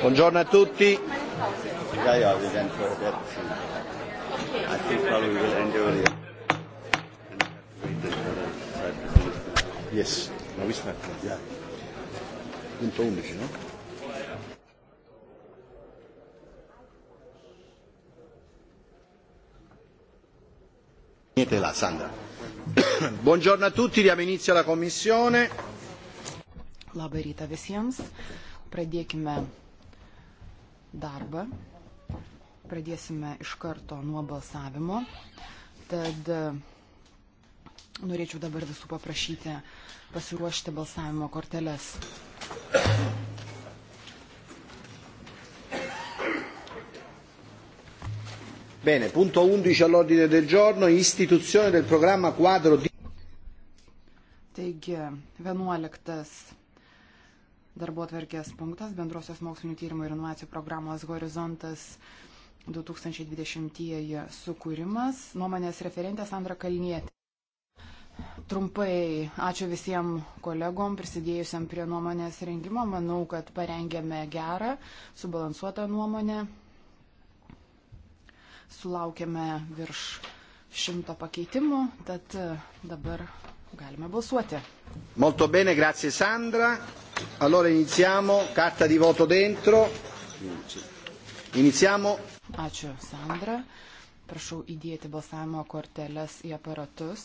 Buongiorno a tutti. Yes, ma vi sta Punto 11, no? Niente là, Sandra. Buongiorno a tutti, diamo inizio alla commissione. Labą rytą visiems. Pradėkime darbą. Pradėsime iš karto nuo balsavimo. Tad e, norėčiau dabar visų paprašyti pasiruošti balsavimo korteles. Bene, punto 11 all'ordine del giorno, istituzione del programma quadro di... Taigi, 11 darbo atverkės punktas bendrosios mokslinio tyrimų ir inovacijų programos horizontas 2020-ieji sukūrimas. Nuomonės referentė Sandra Kalnietė. Trumpai ačiū visiems kolegom prisidėjusiam prie nuomonės rengimo. Manau, kad parengėme gerą, subalansuotą nuomonę. Sulaukėme virš šimto pakeitimų, tad dabar Galime balsuoti. Molto bene, grazie Sandra. Allora iniziamo, carta di voto dentro. Iniziamo. Ačiū Sandra. Prašau įdėti balsavimo korteles į aparatus.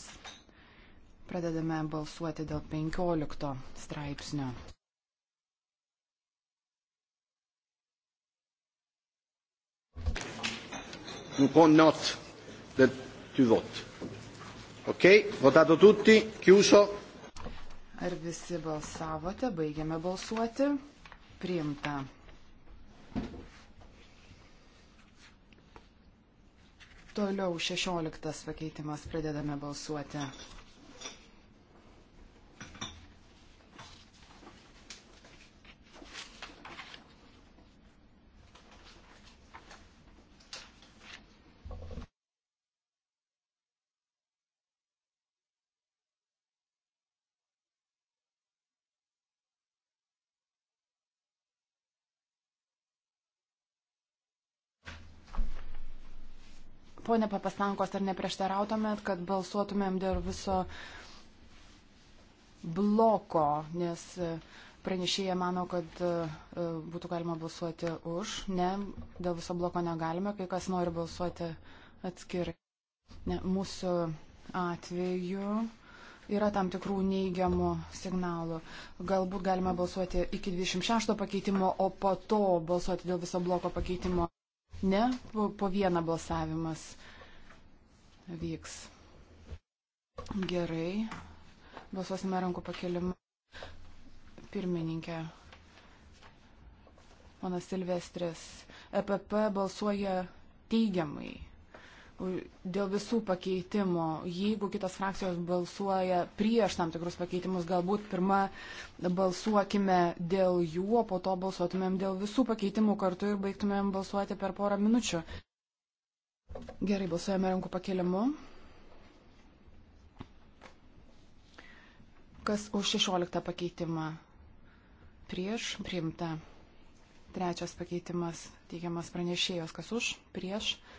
Pradedame balsuoti dėl 15 straipsnio. Nous prenons note de, du vote. Ok, votato tutti, chiuso. Ar visi balsavote, baigiame balsuoti. Priimta. Toliau 16 pakeitimas pradedame balsuoti. Pone Papastankos, ar neprieštarautumėt, kad balsuotumėm dėl viso bloko, nes e, pranešėja mano, kad e, e, būtų galima balsuoti už. Ne, dėl viso bloko negalime, kai kas nori balsuoti atskirai. Ne, mūsų atveju yra tam tikrų neigiamų signalų. Galbūt galime balsuoti iki 26 pakeitimo, o po to balsuoti dėl viso bloko pakeitimo. Ne, po, po vieną balsavimas vyks. Gerai. Balsuosime rankų pakelimu. Pirmininkė. Pana Silvestrės. EPP balsuoja teigiamai dėl visų pakeitimų. Jeigu kitos frakcijos balsuoja prieš tam tikrus pakeitimus, galbūt pirmą balsuokime dėl jų, o po to balsuotumėm dėl visų pakeitimų kartu ir baigtumėm balsuoti per porą minučių. Gerai, balsuojame rankų pakelimu. Kas už 16 pakeitimą? Prieš, priimta. Trečias pakeitimas teikiamas pranešėjos. Kas už, prieš, priimta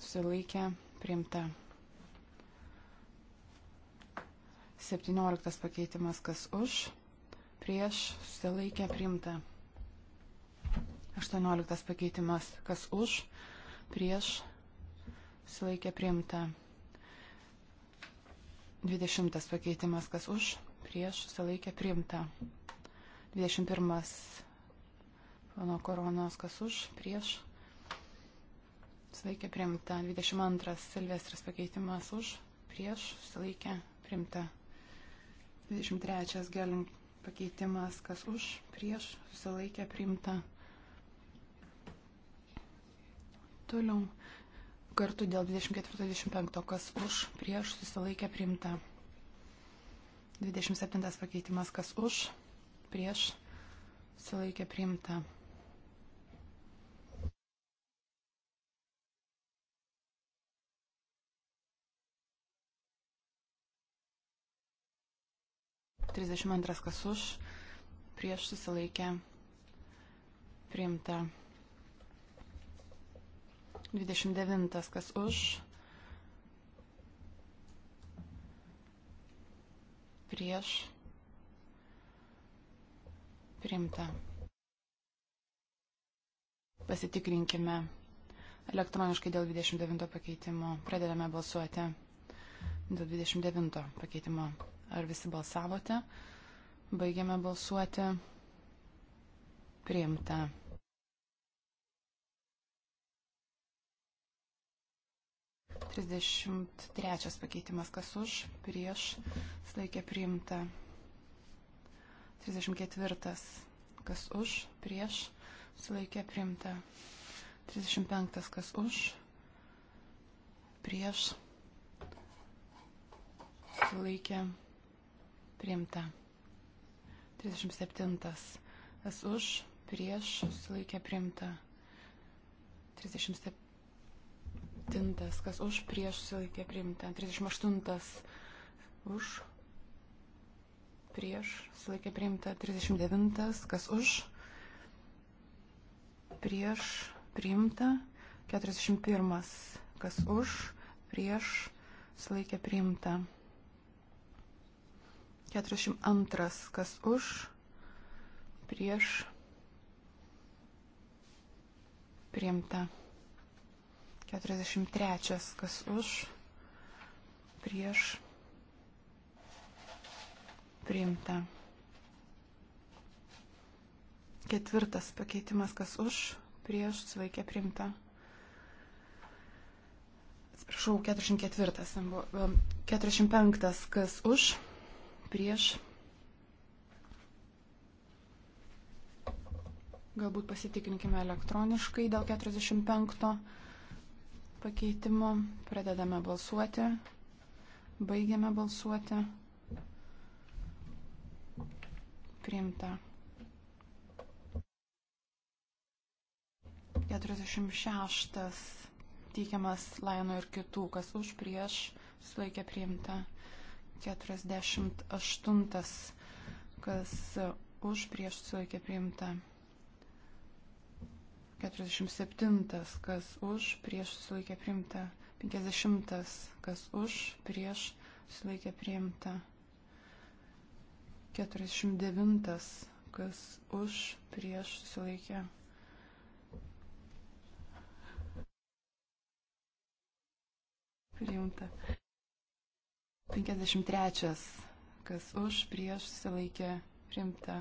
susilaikė, priimta. 17 pakeitimas, kas už, prieš, susilaikė, priimta. 18 pakeitimas, kas už, prieš, susilaikė, priimta. 20 pakeitimas, kas už, prieš, susilaikė, priimta. 21 Pano koronos, kas už, prieš, Sveiki, priimta. 22 Silvestras pakeitimas už, prieš, sveiki, priimta. 23 Gelink pakeitimas, kas už, prieš, susilaikė, priimta. Toliau. Kartu dėl 24-25, kas už, prieš, susilaikė, priimta. 27 pakeitimas, kas už, prieš, susilaikė, priimta. 32 kas už, prieš susilaikę priimta. 29 kas už, prieš priimta. Pasitikrinkime elektroniškai dėl 29 pakeitimo. Pradedame balsuoti dėl 29 pakeitimo. Ar visi balsavote? Baigiame balsuoti. Priimta. Trisdešimt trečias pakeitimas, kas už, prieš, slaikė priimta. Trisdešimt ketvirtas, kas už, prieš, slaikė priimta. Trisdešimt penktas, kas už, prieš, slaikė priimta priimta. 37. Kas už, prieš, susilaikė priimta. 37. Kas už, prieš, susilaikė priimta. 38. Už, prieš, susilaikė priimta. 39. Kas už, prieš, priimta. 41. Kas už, prieš, susilaikė priimta. 42. Kas už? Prieš? Priimta. 43. Kas už? Prieš? Priimta. Ketvirtas pakeitimas, kas už, prieš, sveikia primta. Atsiprašau, 44. 45. Um, kas už, prieš. Galbūt pasitikrinkime elektroniškai dėl 45 pakeitimo. Pradedame balsuoti. Baigiame balsuoti. Priimta. 46 teikiamas Laino ir kitų, kas už prieš sulaikė priimta. 48, kas už prieš susilaikė priimta. 47, kas už prieš susilaikė priimta. 50, kas už prieš susilaikė priimta. 49, kas už prieš susilaikė priimta. priimta. 53. Kas už, prieš, susilaikė, primta.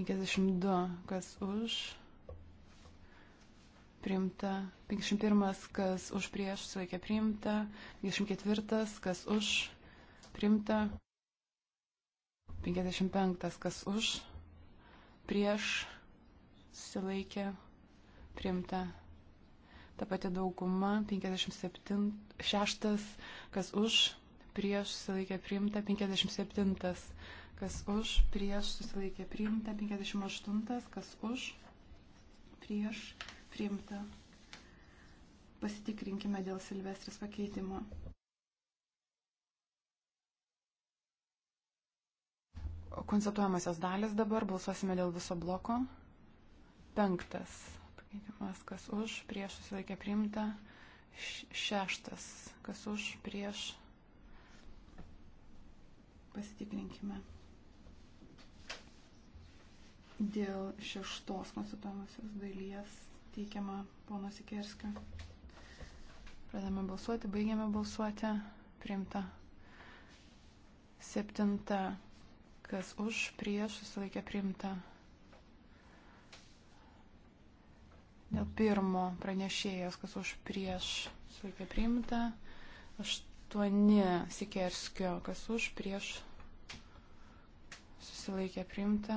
52. Kas už, primta. 51. Kas už, prieš, susilaikė, primta. 54. Kas už, primta. 55. Kas už, prieš, susilaikė, primta ta pati dauguma, 56, kas už, prieš susilaikė priimta 57, kas už, prieš susilaikė priimta 58, kas už, prieš priimta. Pasitikrinkime dėl Silvestris pakeitimo. Konstatuojamosios dalis dabar, balsuosime dėl viso bloko. Penktas pakeitimas, kas už, prieš susilaikė priimta šeštas, kas už prieš Pasitikrinkime dėl šeštos konstituojamosios dalies teikiama pono Sikerskio. Pradame balsuoti, baigiame balsuoti, priimta. Septinta, kas už, prieš, susilaikė priimta. Dėl pirmo pranešėjos, kas už, prieš, susilaikė priimta. Aš 108 Sikerskio, kas už, prieš susilaikė priimta.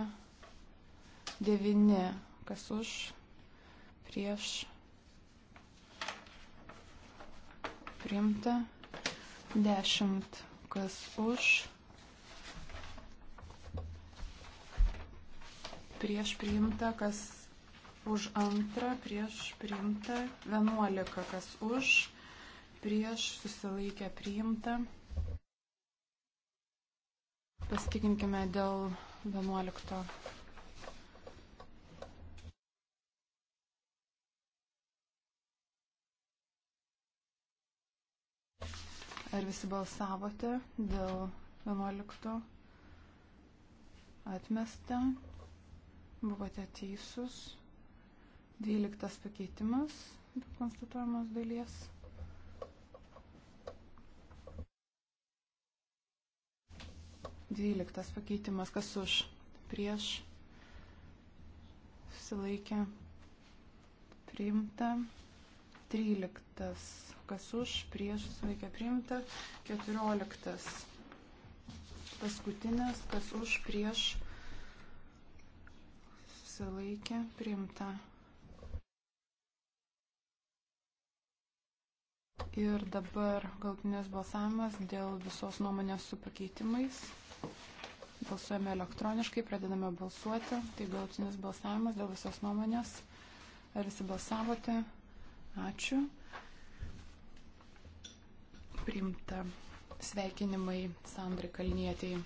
9 kas už, prieš priimta. 10 kas už, prieš priimta, kas už antrą, prieš priimta. 11 kas už prieš susilaikę priimta. Pasitikinkime dėl 11. Ar visi balsavote dėl 11 atmesta? Buvote teisūs. 12 pakeitimas konstatuojamos dalies. 12 pakeitimas, kas už, prieš, susilaikė, priimta. 13, kas už, prieš, susilaikė, priimta. 14, paskutinis, kas už, prieš, susilaikė, priimta. Ir dabar galtinis balsavimas dėl visos nuomonės su pakeitimais. Balsuojame elektroniškai, pradedame balsuoti. Tai galutinis balsavimas dėl visos nuomonės. Ar visi balsavote? Ačiū. Priimta sveikinimai Sandrai Kalnietėjai.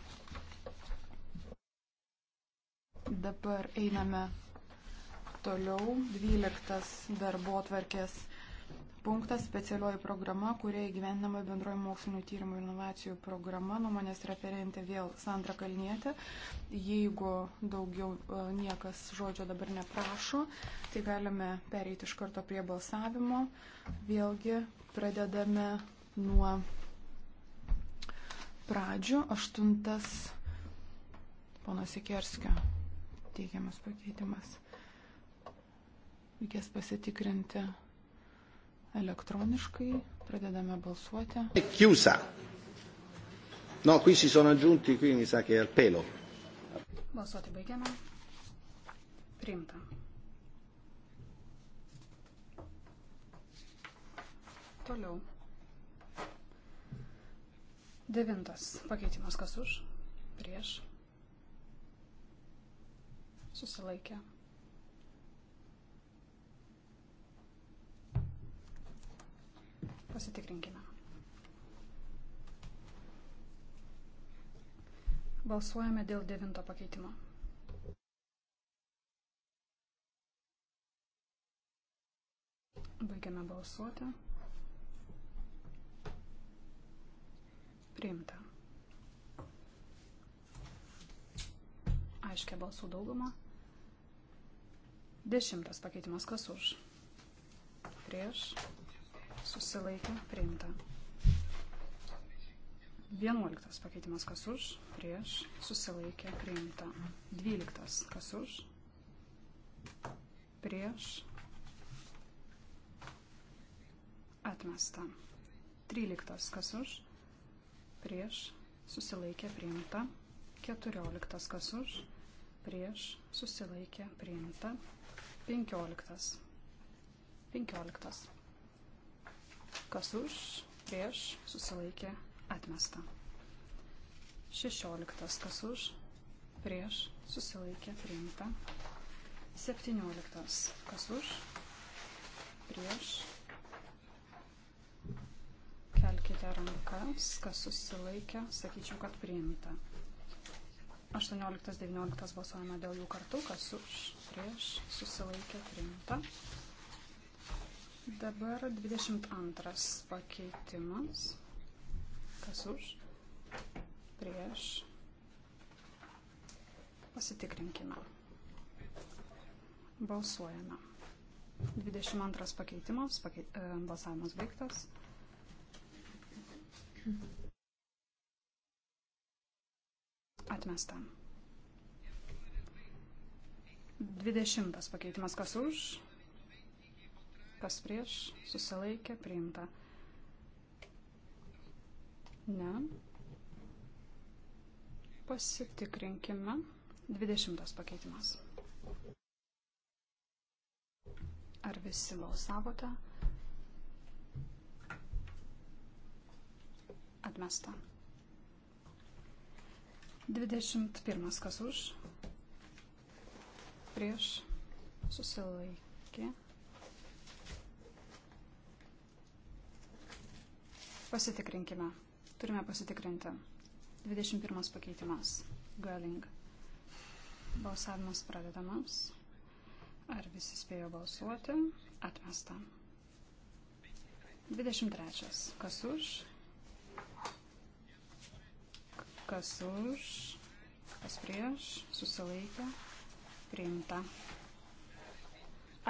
Dabar einame toliau. 12 darbo atvarkės punktas specialioji programa, kurie įgyvendama bendroji mokslinio tyrimų ir inovacijų programa. Nuomonės referentė vėl Sandra Kalnietė. Jeigu daugiau e, niekas žodžio dabar neprašo, tai galime pereiti iš karto prie balsavimo. Vėlgi pradedame nuo pradžių. Aštuntas pono Sikerskio teikiamas pakeitimas. Reikės pasitikrinti Elektroniškai pradedame balsuoti. Chiusa. No, qui si sono aggiunti, qui mi sa che al pelo. Balsuoti baigiame. Priimta. Toliau. Devintas pakeitimas kas už, prieš, susilaikė. Pasitikrinkime. Balsuojame dėl devinto pakeitimo. Baigiame balsuoti. Priimta. Aiškia balsų dauguma. Dešimtas pakeitimas kas už? Prieš. Prieš susilaikė, priimta. 11 pakeitimas kas už, prieš, susilaikė, priimta. 12 kas už, prieš, atmesta. 13 kas už, prieš, susilaikė, priimta. 14 kas už, prieš, susilaikė, priimta. 15. 15. Kas už, prieš, susilaikė, atmesta. 16. Kas už, prieš, susilaikė, priimta. 17. Kas už, prieš. Kelkite rankas, kas susilaikė, sakyčiau, kad priimta. 18-19 balsuojame dėl jų kartu, kas už, prieš, susilaikė, priimta. Dabar 22 pakeitimas. Kas už? Prieš. Pasitikrinkime. Balsuojame. 22 pakeitimas. Pakei, e, balsavimas baigtas. Atmesta. 20 pakeitimas. Kas už? Kas prieš? Susilaikė priimta. Ne. Pasitikrinkime. 20 pakeitimas. Ar visi balsavote? Atmesta. 21 kas už. Prieš. Susilaikė. Pasitikrinkime. Turime pasitikrinti. 21 pakeitimas. Galing. Balsavimas pradedamas. Ar visi spėjo balsuoti? Atmesta. 23. Kas už? Kas už? Kas prieš? Susilaikė. Priimta.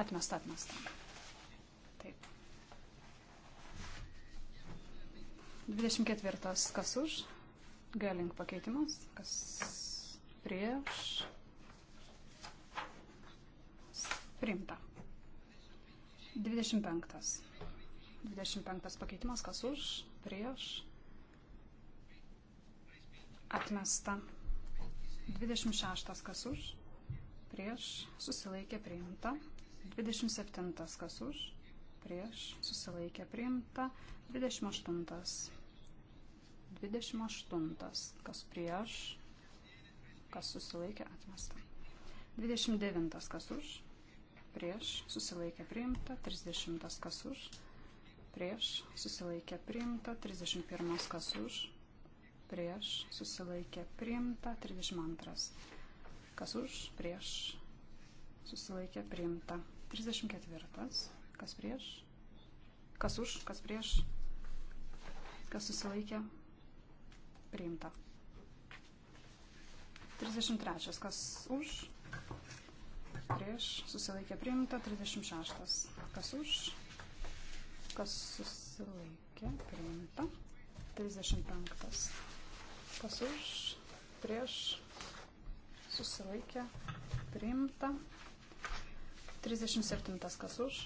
Atmesta, atmesta. Taip. 24. Kas už? Gelink pakeitimas. Kas prieš? Priimta. 25. 25 pakeitimas. Kas už? Prieš? Atmesta. 26. Kas už? Prieš? Susilaikė priimta. 27. Kas už? prieš susilaikė priimta. 28. 28. Kas prieš, kas susilaikė atmesta. 29. Kas už, prieš susilaikė priimta. 30. Kas už, prieš susilaikė priimta. 31. Kas už, prieš susilaikė priimta. 32. Kas už, prieš susilaikė priimta. 34 kas prieš, kas už, kas prieš, kas susilaikė, priimta. 33. Kas už, prieš, susilaikė, priimta. 36. Kas už, kas susilaikė, priimta. 35. Kas už, prieš, susilaikė, priimta. 37. Kas už,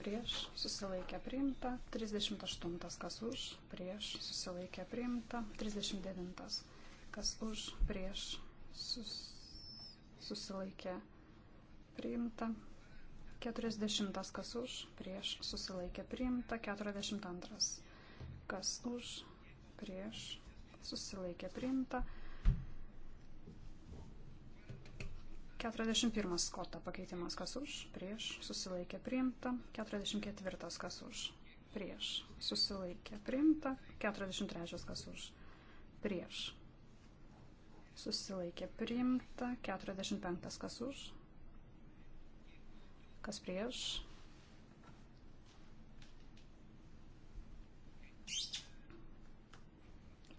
prieš susilaikę priimta, 38 kas už, prieš susilaikę priimta, 39 kas už, prieš sus, susilaikę priimta, 40 kas už, prieš susilaikę priimta, 42 kas už, prieš susilaikę priimta, 43 41 skoto pakeitimas kas už, prieš, susilaikė priimta. 44 kas už, prieš, susilaikė priimta. 43 kas už, prieš, susilaikė priimta. 45 kas už, kas prieš.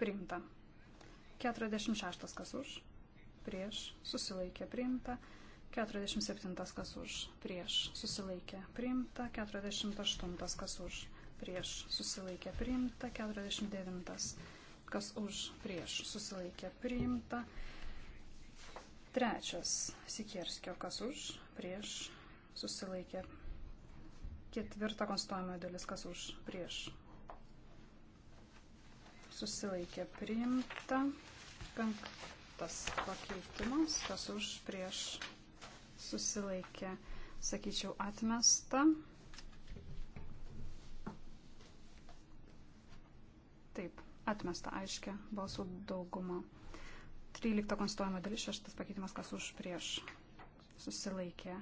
Priimta. 46 kas už prieš susilaikė priimta, 47 kas už prieš susilaikė priimta, 48 kas už prieš susilaikė priimta, 49 kas už prieš susilaikė priimta, trečias Sikerskio kas už prieš susilaikė ketvirta konstatuojamoji dalis kas už prieš susilaikė priimta. Penk, pakeitimas, kas už prieš susilaikė, sakyčiau, atmesta. Taip, atmesta aiškia balsų dauguma. 13 konstituojama dalis, 6 pakeitimas, kas už prieš susilaikė.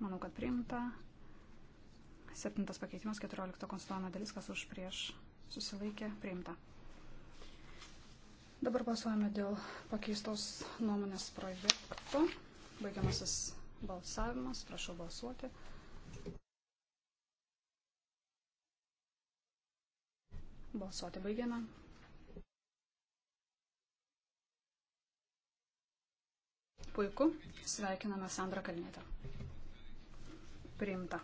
Manau, kad priimta. 7 pakeitimas, 14 konstituojama dalis, kas už prieš susilaikė, priimta. Dabar balsuojame dėl pakeistos nuomonės projekto. Baigiamasis balsavimas. Prašau balsuoti. Balsuoti baigiame. Puiku, sveikiname Sandrą Kalnėtą. Priimta.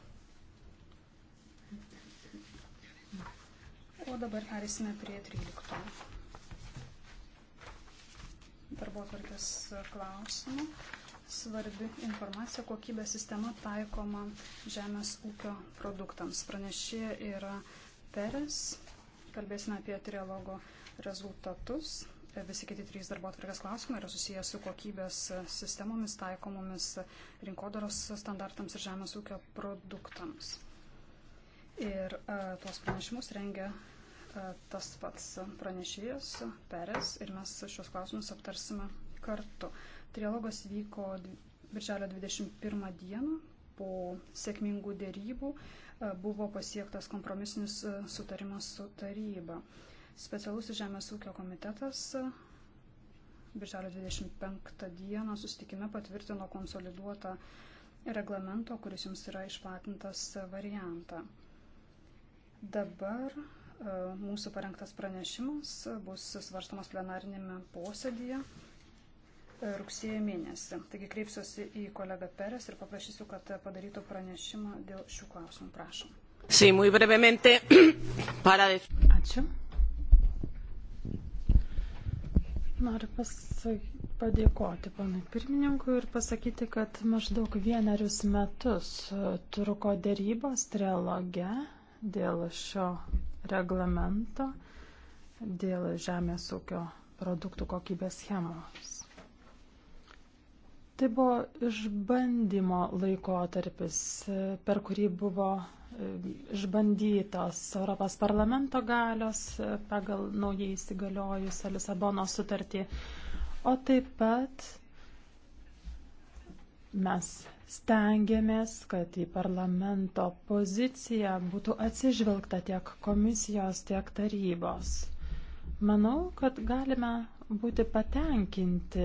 O dabar perėsime prie 13 darbo atvarkės klausimų. Svarbi informacija, kokybė sistema taikoma žemės ūkio produktams. Pranešė yra Peres. Kalbėsime apie trialogo rezultatus. Visi kiti trys darbo atvarkės klausimai yra susijęs su kokybės sistemomis taikomomis rinkodaros standartams ir žemės ūkio produktams. Ir a, e, tuos pranešimus rengia E, tas pats pranešėjas Perės ir mes šios klausimus aptarsime kartu. Trialogas vyko birželio 21 dieną po sėkmingų dėrybų e, buvo pasiektas kompromisinis e, sutarimas su taryba. Specialus Žemės ūkio komitetas birželio 25 dieną susitikime patvirtino konsoliduotą reglamento, kuris jums yra išplatintas variantą. Dabar E, mūsų parengtas pranešimas bus svarstamas plenarinėme posėdėje e, rugsėjo mėnesį. Taigi kreipsiuosi į kolegą Peres ir paprašysiu, kad padarytų pranešimą dėl šių klausimų. Prašom. Sí, muy brevemente para decir. Ačiū. Noriu pasakyti padėkoti panai pirmininkui ir pasakyti, kad maždaug vienerius metus e, truko dėrybos trialoge dėl šio reglamento dėl žemės ūkio produktų kokybės schemos. Tai buvo išbandymo laikotarpis, per kurį buvo e, išbandytos Europos parlamento galios e, pagal naujai įsigaliojusią Lisabono sutartį, o taip pat Mes stengiamės, kad į parlamento poziciją būtų atsižvelgta tiek komisijos, tiek tarybos. Manau, kad galime būti patenkinti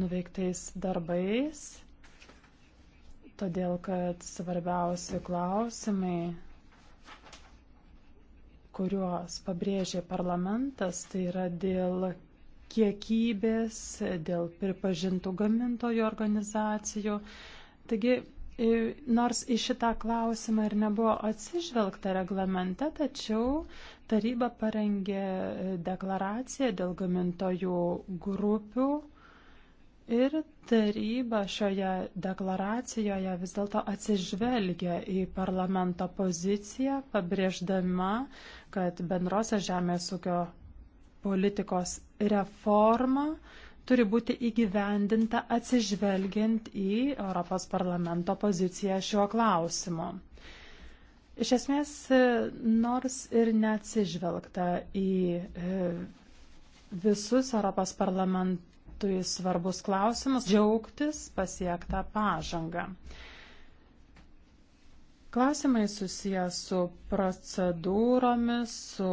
nuveiktais darbais, todėl kad svarbiausi klausimai, kuriuos pabrėžė parlamentas, tai yra dėl kiekybės, dėl pripažintų gamintojų organizacijų. Taigi, nors į šitą klausimą ir nebuvo atsižvelgta reglamente, tačiau taryba parengė deklaraciją dėl gamintojų grupių ir taryba šioje deklaracijoje vis dėlto atsižvelgia į parlamento poziciją, pabrėždama, kad bendrosios žemės ūkio politikos reforma turi būti įgyvendinta atsižvelgiant į Europos parlamento poziciją šiuo klausimu. Iš esmės, nors ir neatsižvelgta į e, visus Europos parlamentui svarbus klausimus, džiaugtis pasiektą pažangą. Klausimai susijęs su procedūromis, su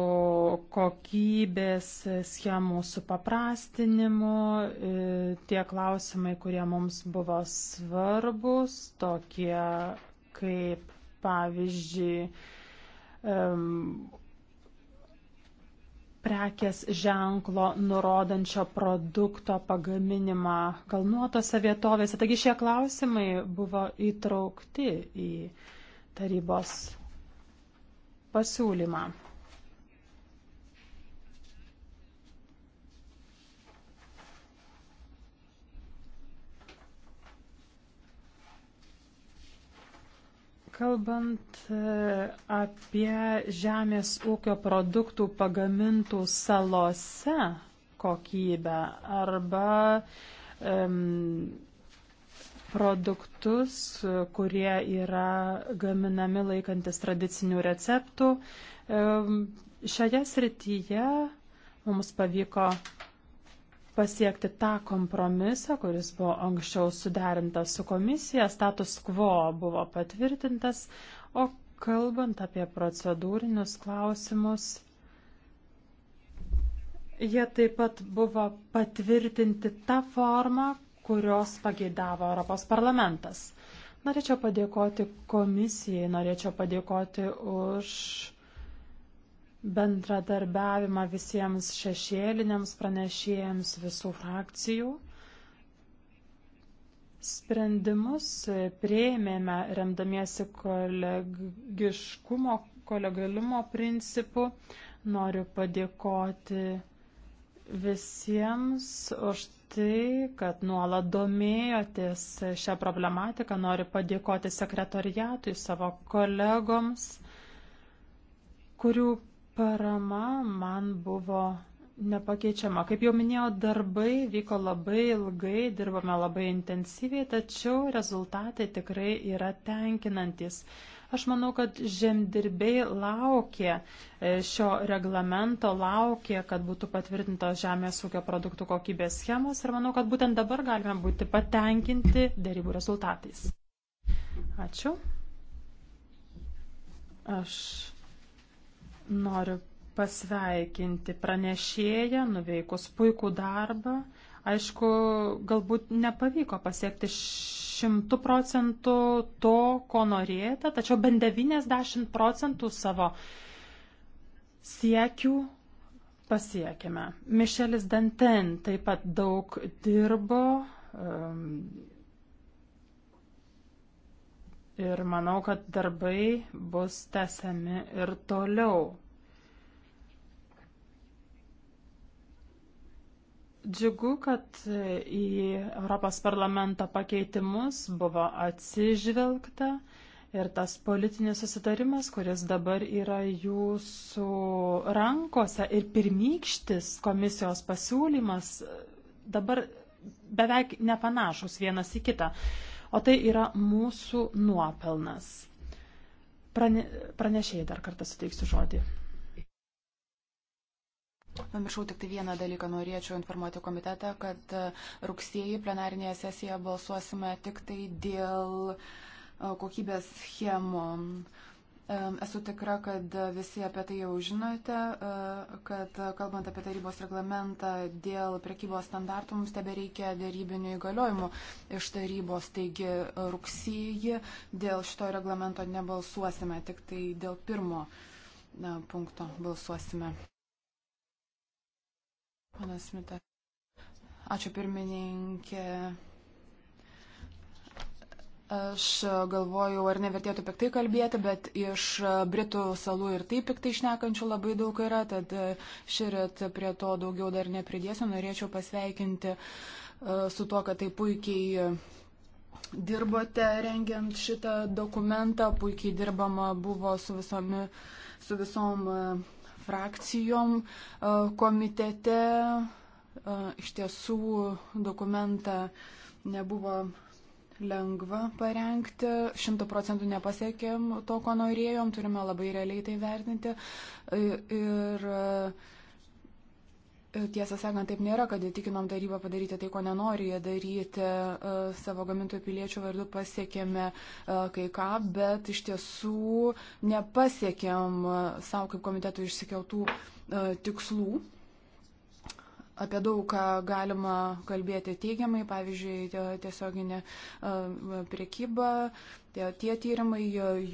kokybės schemų supaprastinimu, e, tie klausimai, kurie mums buvo svarbus, tokie kaip pavyzdžiui prekės ženklo nurodančio produkto pagaminimą kalnuotose vietovėse. Taigi šie klausimai buvo įtraukti į tarybos pasiūlymą. Kalbant e, apie žemės ūkio produktų pagamintų salose kokybę arba um, produktus, kurie yra gaminami laikantis tradicinių receptų. Šioje srityje mums pavyko pasiekti tą kompromisą, kuris buvo anksčiau suderintas su komisija, status quo buvo patvirtintas, o kalbant apie procedūrinius klausimus, jie taip pat buvo patvirtinti tą formą, kurios pageidavo Europos parlamentas. Norėčiau padėkoti komisijai, norėčiau padėkoti už bendradarbiavimą visiems šešėliniams pranešėjams visų frakcijų. Sprendimus prieimėme remdamiesi kolegiškumo, kolegalimo principu. Noriu padėkoti visiems už tai, kad nuolat domėjotės šią problematiką. Noriu padėkoti sekretariatui, savo kolegoms, kurių parama man buvo nepakeičiama. Kaip jau minėjau, darbai vyko labai ilgai, dirbame labai intensyviai, tačiau rezultatai tikrai yra tenkinantis. Aš manau, kad žemdirbiai laukė e, šio reglamento, laukė, kad būtų patvirtintos žemės ūkio produktų kokybės schemos ir manau, kad būtent dabar galime būti patenkinti dėrybų rezultatais. Ačiū. Aš noriu pasveikinti pranešėją, nuveikus puikų darbą. Aišku, galbūt nepavyko pasiekti šimtų procentų to, ko norėjote, tačiau bent 90 procentų savo siekių pasiekėme. Mišelis Danten taip pat daug dirbo. Um, ir manau, kad darbai bus tęsiami ir toliau. Džiugu, kad e, į Europos parlamento pakeitimus buvo atsižvelgta ir tas politinis susitarimas, kuris dabar yra jūsų rankose ir pirmykštis komisijos pasiūlymas e, dabar beveik nepanašus vienas į kitą. O tai yra mūsų nuopelnas. Prane, pranešėjai dar kartą suteiksiu žodį. Pamiršau tik tai vieną dalyką, norėčiau informuoti komitetą, kad e, rugsėjį plenarinėje sesijoje balsuosime tik tai dėl e, kokybės schemų. E, esu tikra, kad visi apie tai jau žinote, kad kalbant apie tarybos reglamentą dėl prekybos standartų, mums tebe reikia dėrybinių įgaliojimų iš tarybos. Taigi rugsėjį dėl šito reglamento nebalsuosime, tik tai dėl pirmo punkto balsuosime. Panas Smita. Ačiū pirmininkė. Aš galvojau, ar nevertėtų piktai kalbėti, bet iš Britų salų ir taip piktai šnekančių labai daug yra, tad širit prie to daugiau dar nepridėsiu. Norėčiau pasveikinti e, su to, kad tai puikiai dirbote rengiant šitą dokumentą, puikiai dirbama buvo su, visomi, su visom e, frakcijom e, komitete. E, iš tiesų dokumentą nebuvo lengva parengti, šimtų procentų nepasiekėm to, ko norėjom, turime labai realiai tai vertinti. E, ir, ir E, tiesą sakant, taip nėra, kad įtikinom tarybą padaryti tai, ko nenori jie daryti. E, savo gamintojų piliečių vardu pasiekėme e, kai ką, bet iš tiesų nepasiekėm savo kaip komitetų išsikeltų tikslų apie daug ką galima kalbėti teigiamai, pavyzdžiui, tiesioginė e, priekyba, tie, tie tyrimai,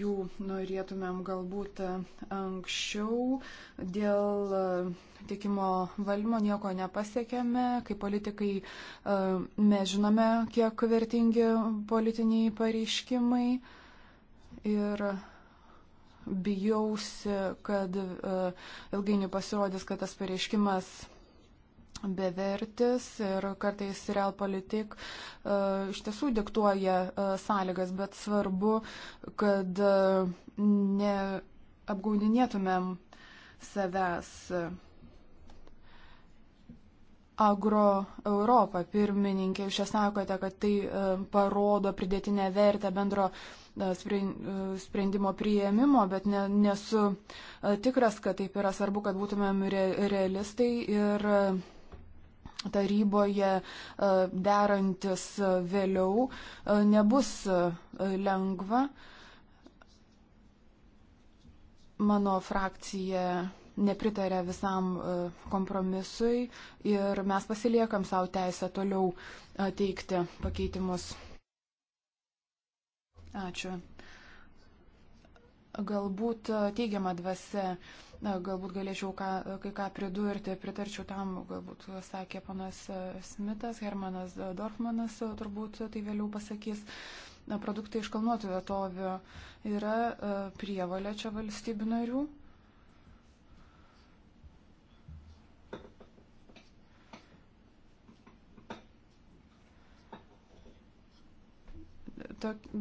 jų norėtumėm galbūt anksčiau. Dėl e, tikimo valdymo nieko nepasiekėme, kaip politikai e, mes žinome, kiek vertingi politiniai pareiškimai. Ir bijausi, kad ilgainiui pasirodys, kad tas pareiškimas bevertis ir kartais realpolitik e, iš tiesų diktuoja e, sąlygas, bet svarbu, kad e, neapgaudinėtumėm savęs. Agro Europą pirmininkė, jūs čia sakote, kad tai parodo pridėtinę vertę bendro sprendimo prieimimo, bet ne, nesu tikras, kad taip yra svarbu, kad būtumėm re, realistai ir taryboje e, derantis vėliau e, nebus e, lengva. Mano frakcija nepritarė visam kompromisui ir mes pasiliekam savo teisę toliau teikti pakeitimus. Ačiū. Galbūt teigiama dvasia Na, galbūt galėčiau ką, kai ką pridurti, pritarčiau tam, galbūt sakė panas e, Smitas, Hermanas Dorfmanas turbūt tai vėliau pasakys. Na, produktai iš kalnuotų vietovių yra e, prievalė čia valstybių narių.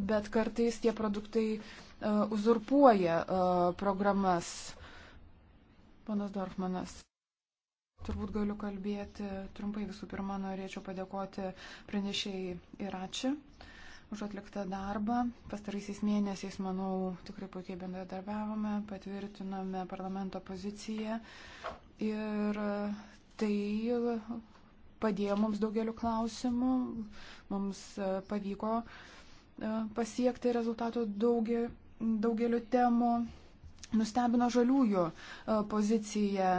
Bet kartais tie produktai uh, uzurpuoja uh, programas. Uh, Ponas Dorfmanas. Turbūt galiu kalbėti trumpai. Visų pirma, norėčiau padėkoti pranešėjai Iračiui už atliktą darbą. Pastaraisiais mėnesiais, manau, tikrai puikiai bendradarbiavome, patvirtinome parlamento poziciją ir tai padėjo mums daugeliu klausimų. Mums e, pavyko e, pasiekti rezultatų daugeliu temų Nustebino žaliųjų e, pozicija,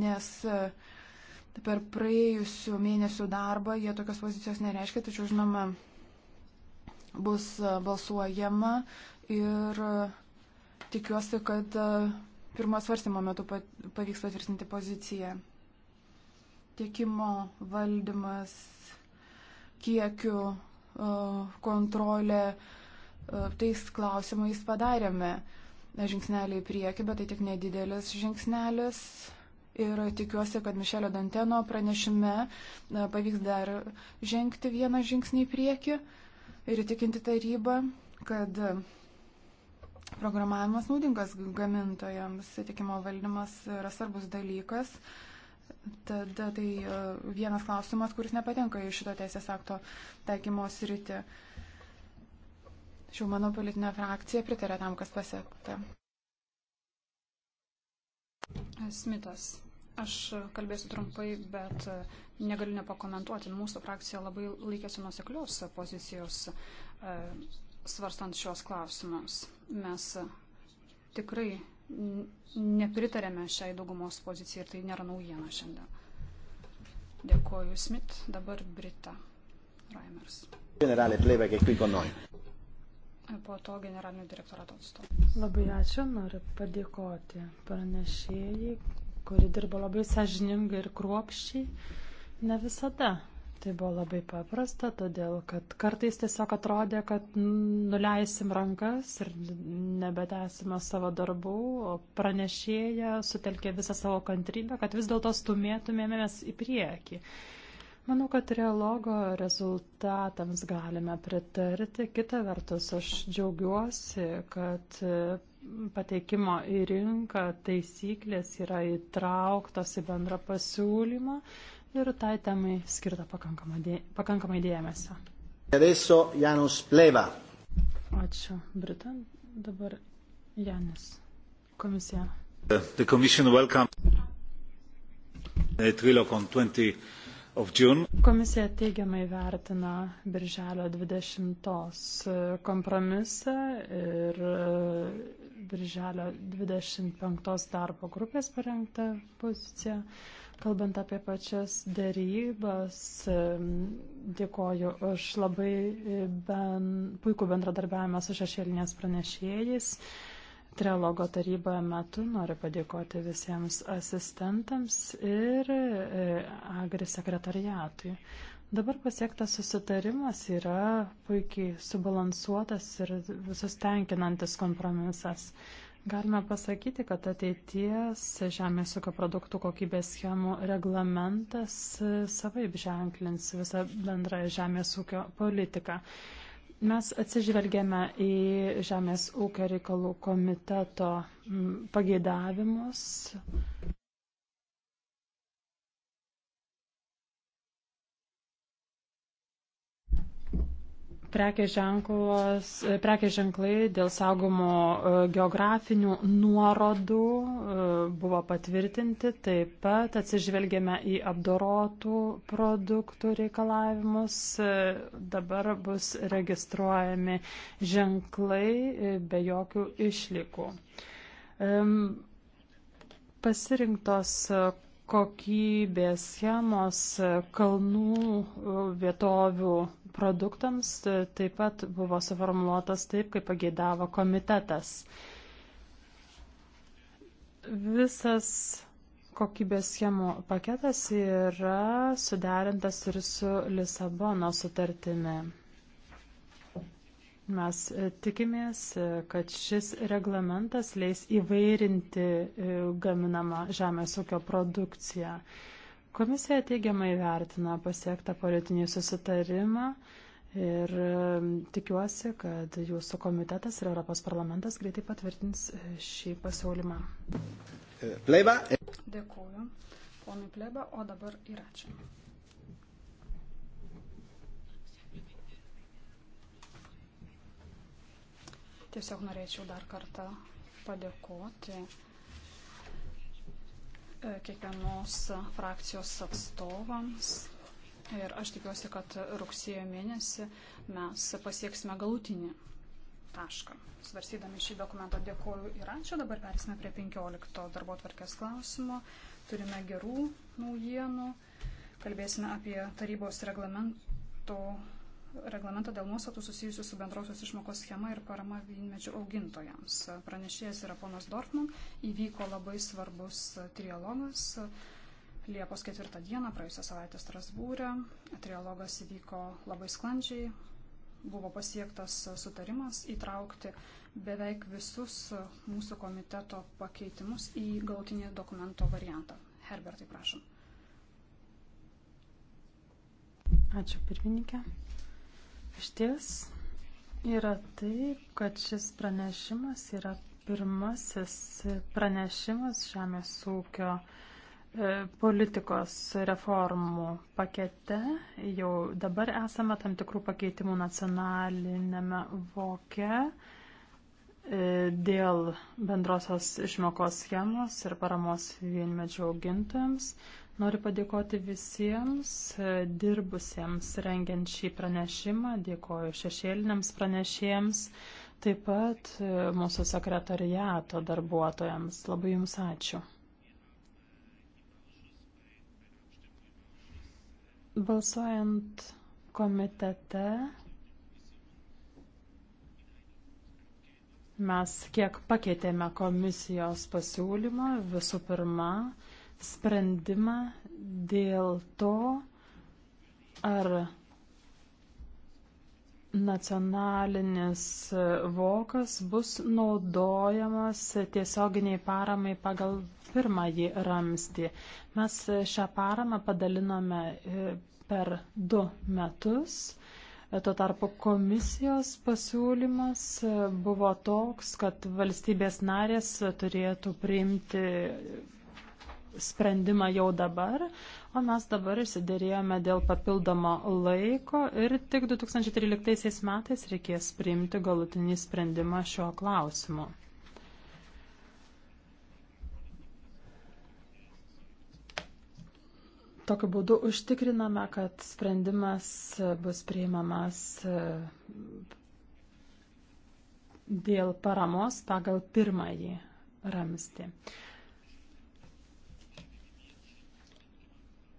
nes e, per praėjusių mėnesių darbą jie tokios pozicijos nereiškia, tačiau, žinoma, bus e, balsuojama ir tikiuosi, kad pirmo svarstymo metu pavyks patvirtinti poziciją. Tiekimo valdymas, kiekių kontrolė, tais klausimais padarėme žingsnelį į priekį, bet tai tik nedidelis žingsnelis. Ir tikiuosi, kad Mišelio Danteno pranešime pavyks dar žengti vieną žingsnį į priekį ir įtikinti tarybą, kad programavimas naudingas gamintojams, įtikimo valdymas yra svarbus dalykas. Tad tai e, vienas klausimas, kuris nepatenka į šito teisės akto taikymo sritį. Uh, Tačiau mano politinė frakcija pritarė tam, kas pasiekta. Smitas. Aš kalbėsiu trumpai, bet negaliu nepakomentuoti. Mūsų frakcija labai laikėsi nuseklios pozicijos e, svarstant šios klausimus. Mes tikrai nepritarėme šiai daugumos pozicijai ir tai nėra naujiena šiandien. Dėkuoju Smith, dabar Brita Reimers. Generalė Pleva, kiek tai konoj po to generalinio direktorato atstovų. Labai ačiū, noriu padėkoti pranešėjai, kuri dirbo labai sažiningai ir kruopščiai. Ne visada tai buvo labai paprasta, todėl kad kartais tiesiog atrodė, kad nuleisim rankas ir nebetęsime savo darbų, o pranešėja sutelkė visą savo kantrybę, kad vis dėlto stumėtumėmės į priekį. Manau, kad trialogo rezultatams galime pritarti. Kita vertus, aš džiaugiuosi, kad e, pateikimo į rinką taisyklės yra įtrauktos į bendrą pasiūlymą ir tai temai skirta pakankamai dėmesio. E adesso Janus Pleva. Ačiū, Britan. Dabar Janis. Komisija. The Commission welcomes the trilogue on 20 Komisija teigiamai vertina birželio 20 kompromisą ir birželio 25 darbo grupės parengtą poziciją. Kalbant apie pačias dėrybas, dėkoju už labai ben, puikų bendradarbiavimą su šešėlinės pranešėjais trialogo taryboje metu. Noriu padėkoti visiems asistentams ir e, agri sekretariatui. Dabar pasiektas susitarimas yra puikiai subalansuotas ir visus tenkinantis kompromisas. Galime pasakyti, kad ateities žemės ūkio produktų kokybės schemų reglamentas savaip ženklins visą bendrą žemės ūkio politiką. Mes atsižvelgėme į Žemės ūkio reikalų komiteto pageidavimus. prekės, ženklos, e, prekės ženklai dėl saugomo e, geografinių nuorodų e, buvo patvirtinti, taip pat atsižvelgėme į apdorotų produktų reikalavimus, dabar bus registruojami ženklai be jokių išlikų. Pasirinktos kokybės schemos kalnų vietovių produktams e, taip pat buvo suformuoluotas taip, kaip pageidavo komitetas. Visas kokybės schemų paketas yra suderintas ir su Lisabono sutartimi. Mes e, tikimės, e, kad šis reglamentas leis įvairinti gaminamą žemės ūkio produkciją. Komisija teigiamai vertina pasiektą politinį susitarimą ir tikiuosi, kad jūsų komitetas ir Europos parlamentas greitai patvirtins e, šį pasiūlymą. E, Pleba. Dėkuoju. Ponui Pleba, o dabar yra čia. Tiesiog norėčiau dar kartą padėkoti E, kiekvienos frakcijos atstovams. Ir aš tikiuosi, kad rugsėjo mėnesį mes pasieksime galutinį tašką. Svarsydami šį dokumentą dėkoju ir ačiū. Dabar persime prie 15 darbo tvarkės klausimo. Turime gerų naujienų. Kalbėsime apie tarybos reglamento reglamentą dėl nuostatų susijusių su bendrosios išmokos schema ir parama vynmečių augintojams. Pranešėjas yra ponas Dorfman, įvyko labai svarbus trialogas. Liepos ketvirtą dieną, praėjusią savaitę Strasbūrė, trialogas įvyko labai sklandžiai, buvo pasiektas sutarimas įtraukti beveik visus mūsų komiteto pakeitimus į galutinį dokumento variantą. Herbertai, prašom. Ačiū pirmininkė. Išties yra taip, kad šis pranešimas yra pirmasis pranešimas žemės ūkio e, politikos reformų pakete. Jau dabar esame tam tikrų pakeitimų nacionalinėme vokė e, dėl bendrosios išmokos schemos ir paramos vienmedžio augintojams. Noriu padėkoti visiems e, dirbusiems rengiant šį pranešimą, dėkoju šešėliniams pranešėjams, taip pat e, mūsų sekretariato darbuotojams. Labai Jums ačiū. Balsuojant komitete mes kiek pakeitėme komisijos pasiūlymą. Visų pirma, sprendimą dėl to, ar nacionalinis vokas bus naudojamas tiesioginiai paramai pagal pirmąjį ramstį. Mes šią paramą padalinome e, per du metus. Tuo tarpu komisijos pasiūlymas e, buvo toks, kad valstybės narės turėtų priimti sprendimą jau dabar, o mes dabar išsiderėjome dėl papildomo laiko ir tik 2013 metais reikės priimti galutinį sprendimą šio klausimu. Tokiu būdu užtikriname, kad sprendimas bus priimamas e, dėl paramos pagal pirmąjį ramstį.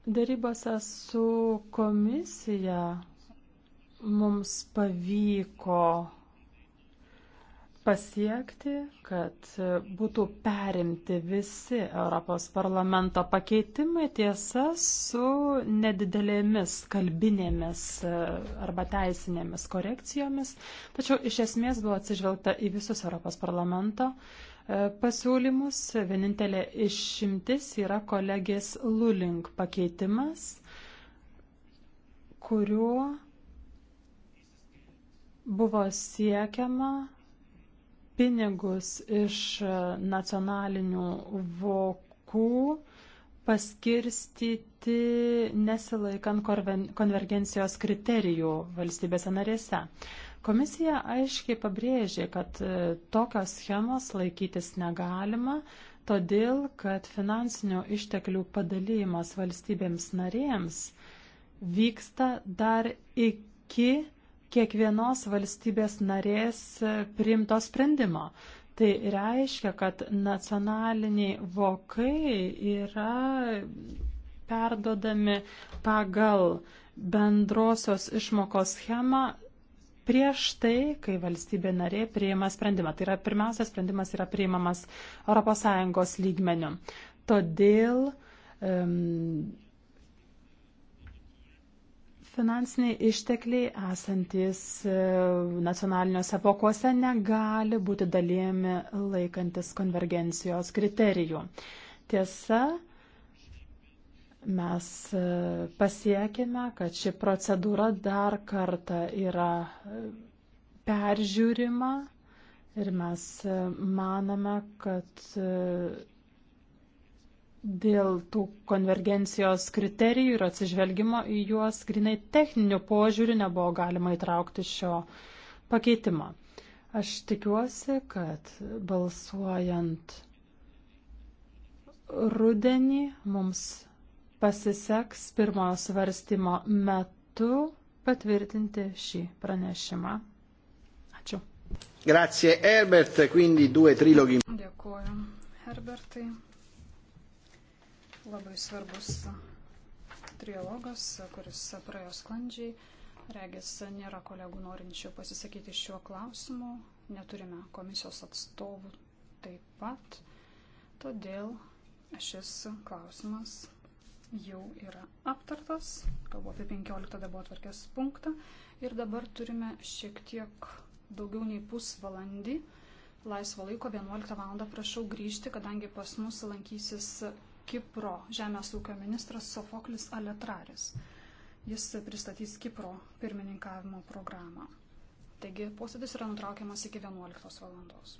Darybose su komisija mums pavyko pasiekti, kad būtų perimti visi Europos parlamento pakeitimai tiesa su nedidelėmis kalbinėmis e, arba teisinėmis korekcijomis, tačiau iš esmės buvo atsižvelgta į visus Europos parlamento E, pasiūlymus. Vienintelė išimtis yra kolegės Lulink pakeitimas, kuriuo buvo siekiama pinigus iš nacionalinių vokų paskirstyti nesilaikant konvergencijos kriterijų valstybėse narėse. Komisija aiškiai pabrėžė, kad e, tokios schemos laikytis negalima, todėl kad finansinių išteklių padalymas valstybėms narėms vyksta dar iki kiekvienos valstybės narės e, priimto sprendimo. Tai reiškia, kad nacionaliniai vokai yra perdodami pagal bendrosios išmokos schemą prieš tai, kai valstybė narė priima sprendimą. Tai yra pirmiausia, sprendimas yra priimamas ES lygmeniu. Todėl um, finansiniai ištekliai esantis e, nacionaliniuose vokuose negali būti dalyjami laikantis konvergencijos kriterijų. Tiesa, Mes e, pasiekime, kad ši procedūra dar kartą yra e, peržiūrima ir mes e, manome, kad dėl tų konvergencijos kriterijų ir atsižvelgimo į juos grinai techninių požiūrių nebuvo galima įtraukti šio pakeitimą. Aš tikiuosi, kad balsuojant rudenį mums pasiseks pirmojo svarstymo metu patvirtinti šį pranešimą. Ačiū. Grazie Herbert, quindi due trilogi. Dėkuoju Herbertai. Labai svarbus trilogas, kuris praėjo sklandžiai. Regis nėra kolegų norinčių pasisakyti šiuo klausimu. Neturime komisijos atstovų taip pat. Todėl šis klausimas jau yra aptartas, kalbu apie 15 darbo atvarkės punktą ir dabar turime šiek tiek daugiau nei pusvalandį laisvo laiko, 11 val. prašau grįžti, kadangi pas mus lankysis Kipro žemės ūkio ministras Sofoklis Aletraris. Jis pristatys Kipro pirmininkavimo programą. Taigi posėdis yra nutraukiamas iki 11 valandos.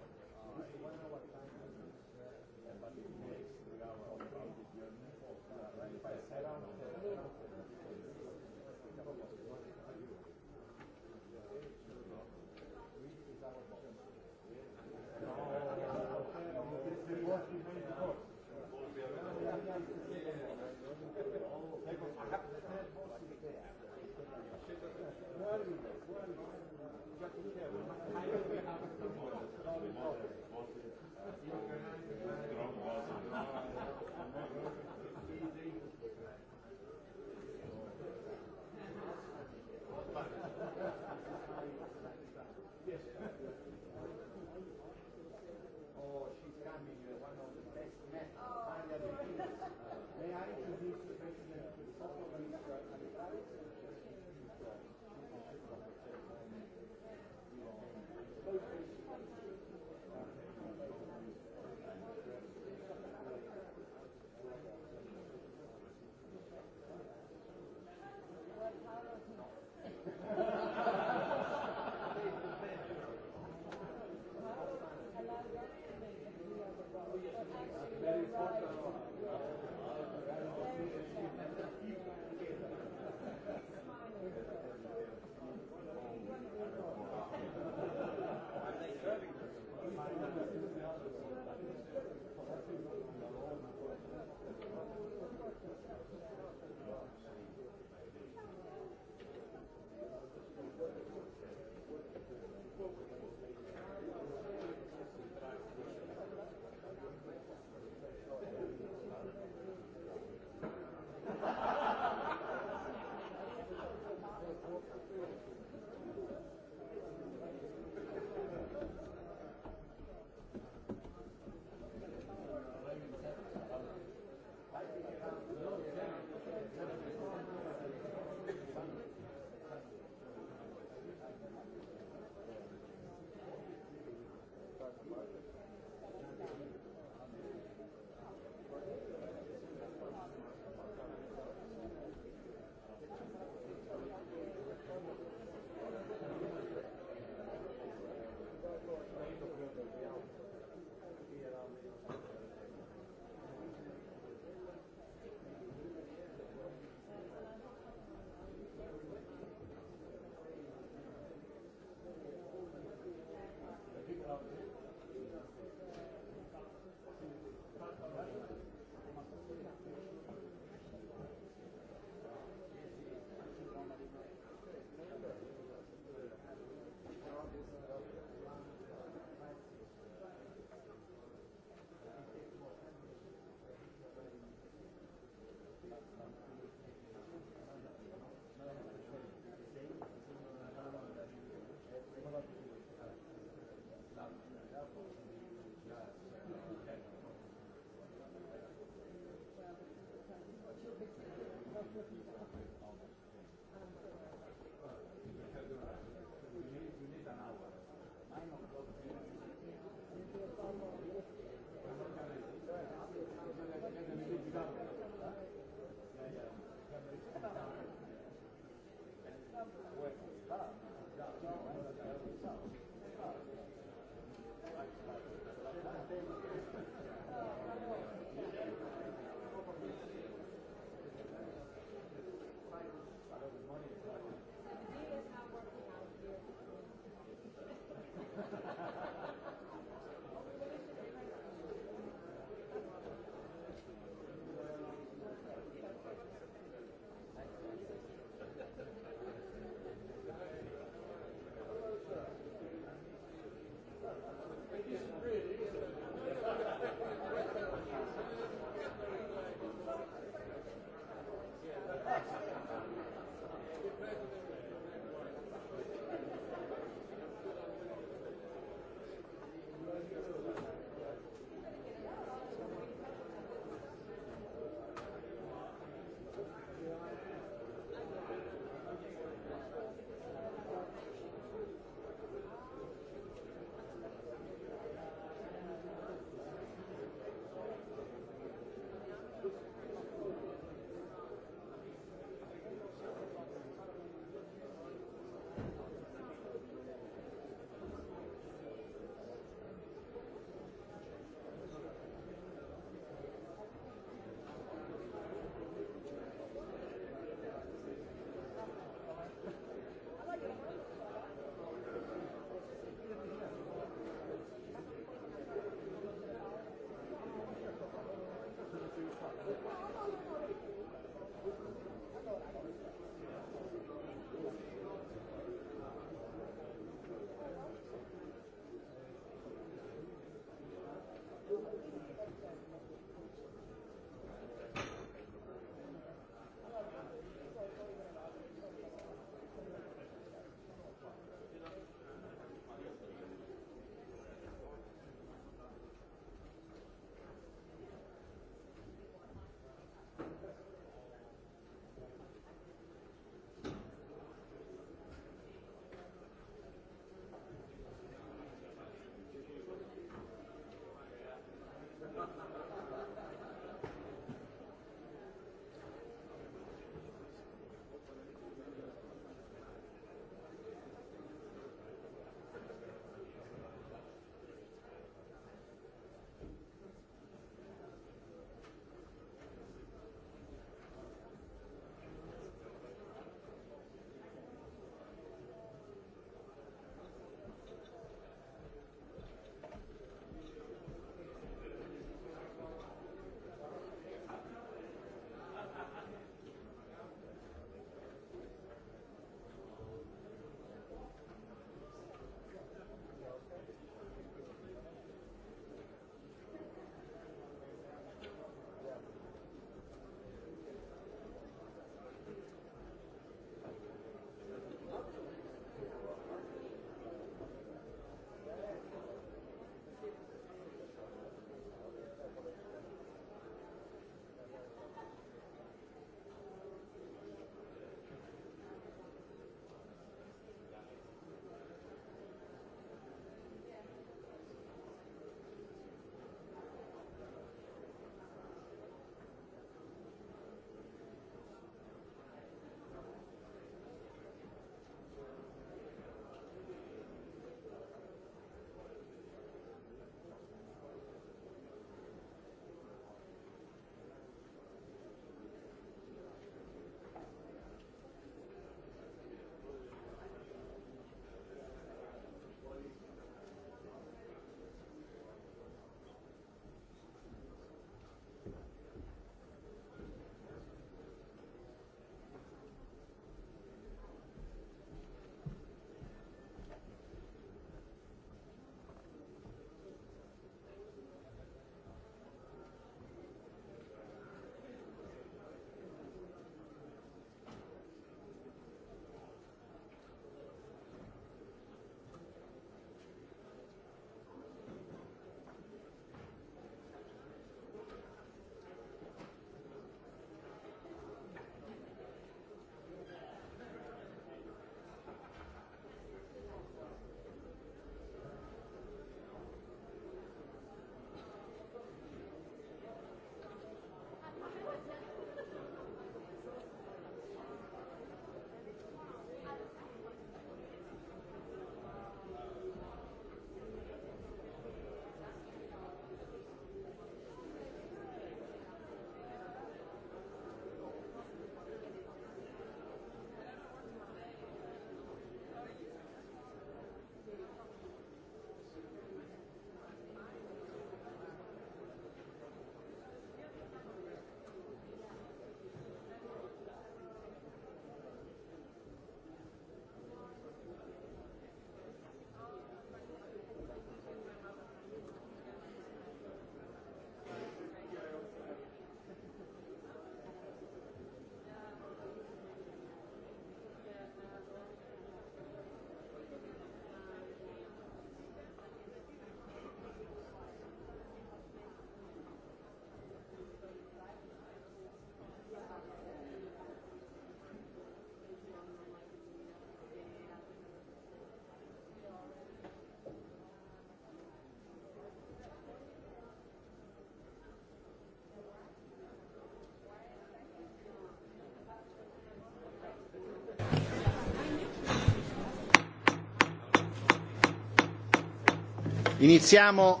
Iniziamo,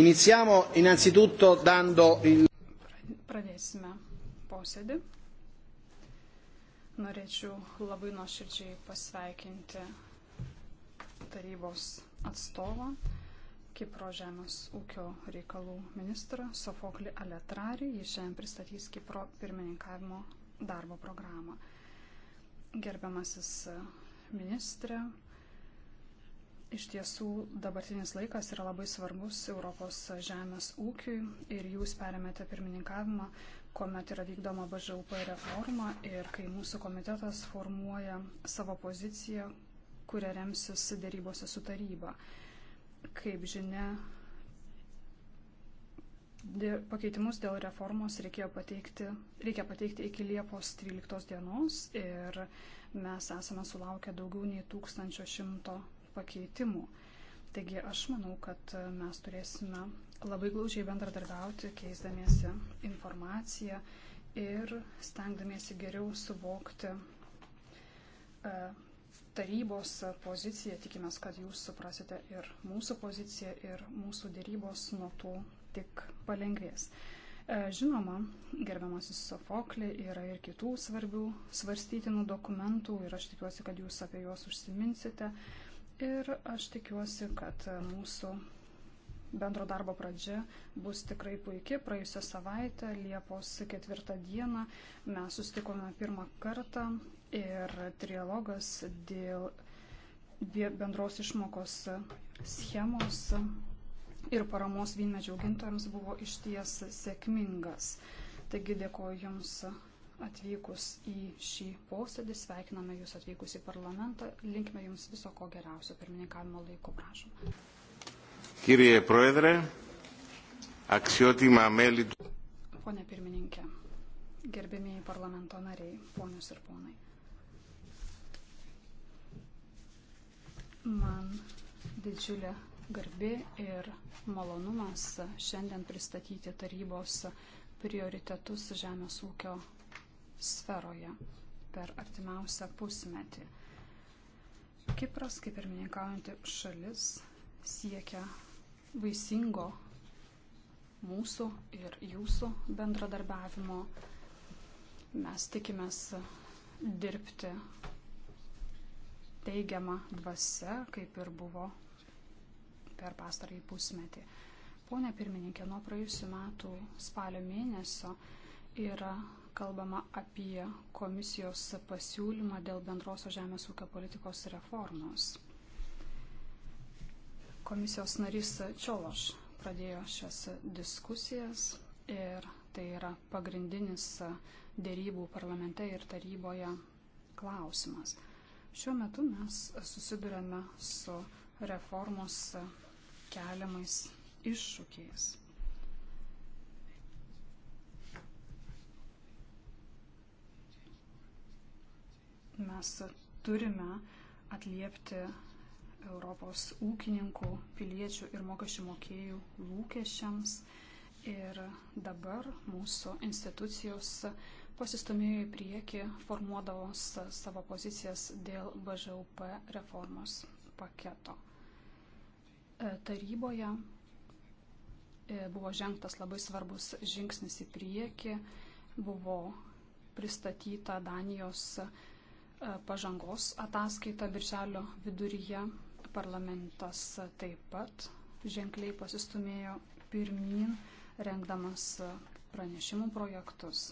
iniziamo innanzitutto dando il. Pradėsime posėdį. Norėčiau labai nuoširdžiai pasveikinti tarybos atstovą, Kipro žemės ūkio reikalų ministrą Sofoklį Aletrarį. Jis šiandien pristatys Kipro pirmininkavimo darbo programą. Gerbiamasis ministrė, Iš tiesų, dabartinis laikas yra labai svarbus Europos žemės ūkiui ir jūs perėmėte pirmininkavimą, kuomet yra vykdoma BŽUP reforma ir kai mūsų komitetas formuoja savo poziciją, kuria remsis dėrybose su taryba. Kaip žinia, pakeitimus dėl reformos pateikti, reikia pateikti iki Liepos 13 dienos ir mes esame sulaukę daugiau nei 1100 pakeitimų. Taigi aš manau, kad mes turėsime labai glaužiai bendradarbiauti, keisdamiesi informaciją ir stengdamiesi geriau suvokti e, tarybos poziciją. Tikimės, kad jūs suprasite ir mūsų poziciją, ir mūsų dėrybos nuo to tik palengvės. E, žinoma, gerbiamasis Sofoklė yra ir kitų svarbių svarstytinų dokumentų ir aš tikiuosi, kad jūs apie juos užsiminsite. Ir aš tikiuosi, kad mūsų bendro darbo pradžia bus tikrai puikia. Praėjusią savaitę, Liepos ketvirtą dieną, mes sustikome pirmą kartą ir trialogas dėl bendros išmokos schemos ir paramos vynmedžių augintojams buvo išties sėkmingas. Taigi dėkoju Jums atvykus į šį posėdį. Sveikiname Jūs atvykus į parlamentą. Linkime Jums viso ko geriausio pirmininkavimo laiko. Prašom. Kyrie Proedre, aksiotima mėly. Pone pirmininkė, gerbėmėjai parlamento nariai, ponius ir ponai. Man didžiulė garbė ir malonumas šiandien pristatyti tarybos prioritetus žemės ūkio sferoje per artimiausią pusmetį. Kipras, kaip ir mininkaujanti šalis, siekia vaisingo mūsų ir jūsų bendradarbiavimo. Mes tikimės dirbti teigiamą dvasę, kaip ir buvo per pastarąjį pusmetį. Pone pirmininkė, nuo praėjusiu metu spalio mėnesio yra kalbama apie komisijos pasiūlymą dėl bendrosios žemės ūkio politikos reformos. Komisijos narys Čiološ pradėjo šias diskusijas ir tai yra pagrindinis dėrybų parlamente ir taryboje klausimas. Šiuo metu mes susidurėme su reformos keliamais iššūkiais. Mes turime atliepti Europos ūkininkų, piliečių ir mokesčių mokėjų lūkesčiams. Ir dabar mūsų institucijos pasistumėjo į priekį, formuodavos savo pozicijas dėl BŽUP reformos paketo. E, taryboje e, buvo žengtas labai svarbus žingsnis į priekį, buvo pristatyta Danijos E, pažangos ataskaitą birželio viduryje. Parlamentas taip pat ženkliai pasistumėjo pirmin, rengdamas pranešimų projektus.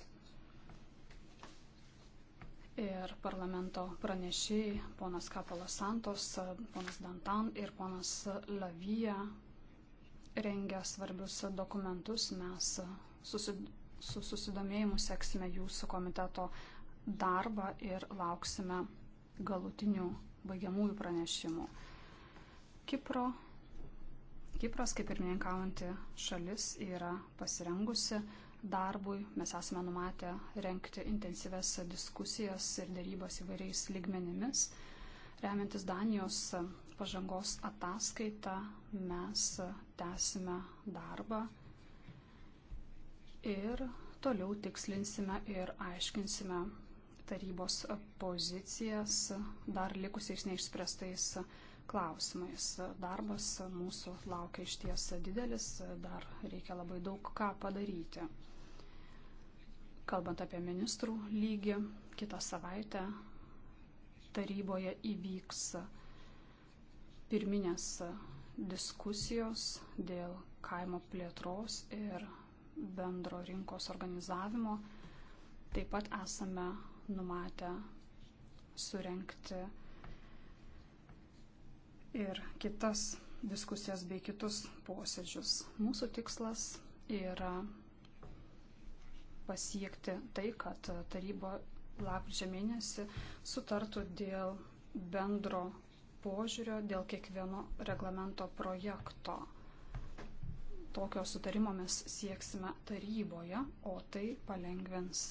Ir parlamento pranešėjai, ponas Kapalas Santos, ponas Dantan ir ponas Lavija rengia svarbius dokumentus. Mes susid su susidomėjimu seksime jūsų komiteto darbą ir lauksime galutinių baigiamųjų pranešimų. Kipro, Kipras, kaip ir mininkaujanti šalis, yra pasirengusi darbui. Mes esame numatę renkti intensyves diskusijas ir darybas įvairiais lygmenimis. Remiantis Danijos pažangos ataskaitą, mes tęsime darbą ir toliau tikslinsime ir aiškinsime tarybos pozicijas dar likusiais neišspręstais klausimais. Darbas mūsų laukia iš ties didelis, dar reikia labai daug ką padaryti. Kalbant apie ministrų lygį, kitą savaitę taryboje įvyks pirminės diskusijos dėl kaimo plėtros ir bendro rinkos organizavimo. Taip pat esame numatę surenkti ir kitas diskusijas bei kitus posėdžius. Mūsų tikslas yra pasiekti tai, kad taryba lapkričio mėnesį sutartų dėl bendro požiūrio, dėl kiekvieno reglamento projekto. Tokio sutarimo mes sieksime taryboje, o tai palengvins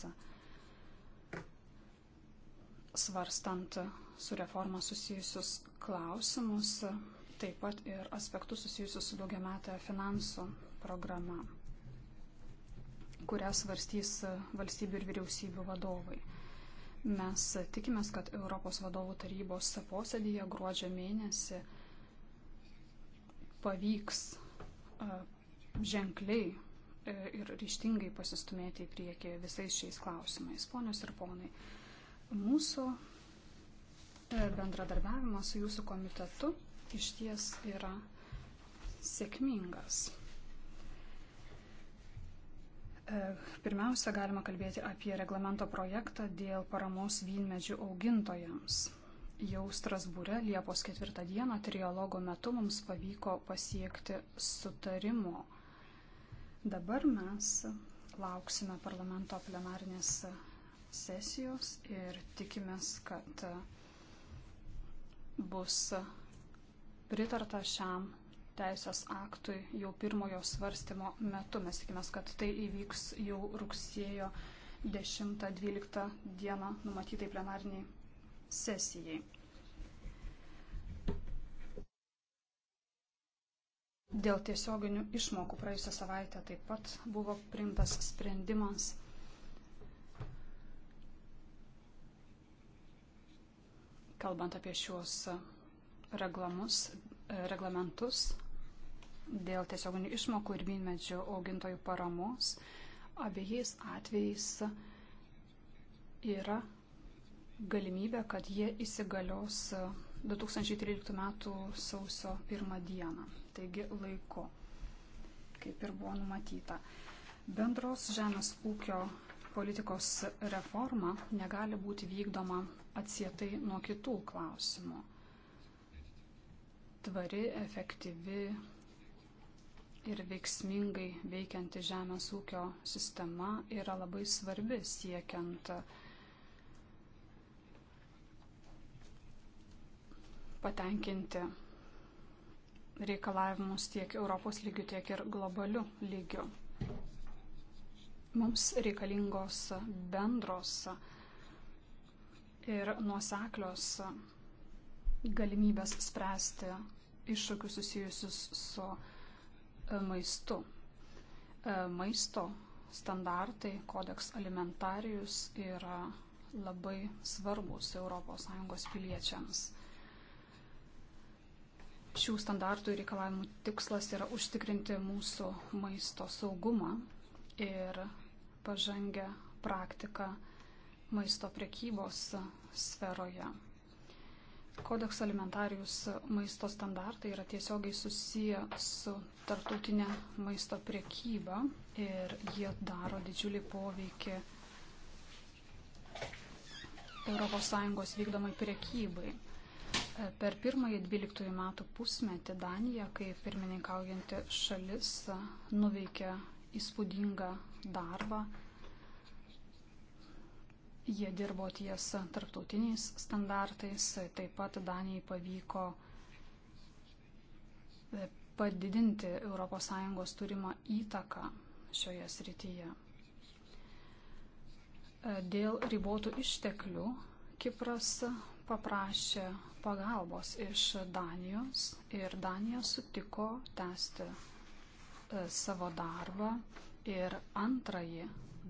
svarstant su reforma susijusius klausimus, taip pat ir aspektus susijusius su daugiametė finansų programa, kurią svarstys valstybių ir vyriausybių vadovai. Mes tikimės, kad Europos vadovų tarybos posėdėje gruodžio mėnesį pavyks ženkliai e, ir ryštingai pasistumėti į priekį visais šiais klausimais. Ponios ir ponai, Mūsų e, bendradarbiavimas su jūsų komitetu iš ties yra sėkmingas. E, pirmiausia, galima kalbėti apie reglamento projektą dėl paramos vynmedžių augintojams. Jau Strasbūre Liepos 4 dieną trialogo metu mums pavyko pasiekti sutarimo. Dabar mes lauksime parlamento plenarinės sesijos ir tikimės, kad bus pritarta šiam teisės aktui jau pirmojo svarstymo metu. Mes tikimės, kad tai įvyks jau rugsėjo 10-12 dieną numatytai plenarniai sesijai. Dėl tiesioginių išmokų praėjusią savaitę taip pat buvo priimtas sprendimas kalbant apie šios reglamus, e, reglamentus dėl tiesioginių išmokų ir vynmedžių augintojų paramos, abiejais atvejais yra galimybė, kad jie įsigalios 2013 e, m. sausio 1 dieną, taigi laiku, kaip ir buvo numatyta. Bendros žemės ūkio politikos reforma negali būti vykdoma atsietai nuo kitų klausimų. Tvari, efektyvi ir veiksmingai veikianti žemės ūkio sistema yra labai svarbi siekiant patenkinti reikalavimus tiek Europos lygių, tiek ir globalių lygių. Mums reikalingos bendros ir nuoseklios galimybės spręsti iššūkius susijusius su e, maistu. E, maisto standartai, kodeks alimentarius yra labai svarbus ES piliečiams. Šių standartų ir reikalavimų tikslas yra užtikrinti mūsų maisto saugumą ir pažangę praktiką maisto prekybos sferoje. Kodeks alimentarius maisto standartai yra tiesiogiai susiję su tarptautinė maisto priekyba ir jie daro didžiulį poveikį ES vykdomai priekybai. Per pirmąjį 12 metų pusmetį Danija, kaip pirmininkaujanti šalis, nuveikė įspūdingą darbą Jie dirbo ties tarptautiniais standartais, taip pat Danijai pavyko e, padidinti ES turimą įtaką šioje srityje. E, dėl ribotų išteklių Kipras paprašė pagalbos iš Danijos ir Danija sutiko tęsti e, savo darbą ir antrąjį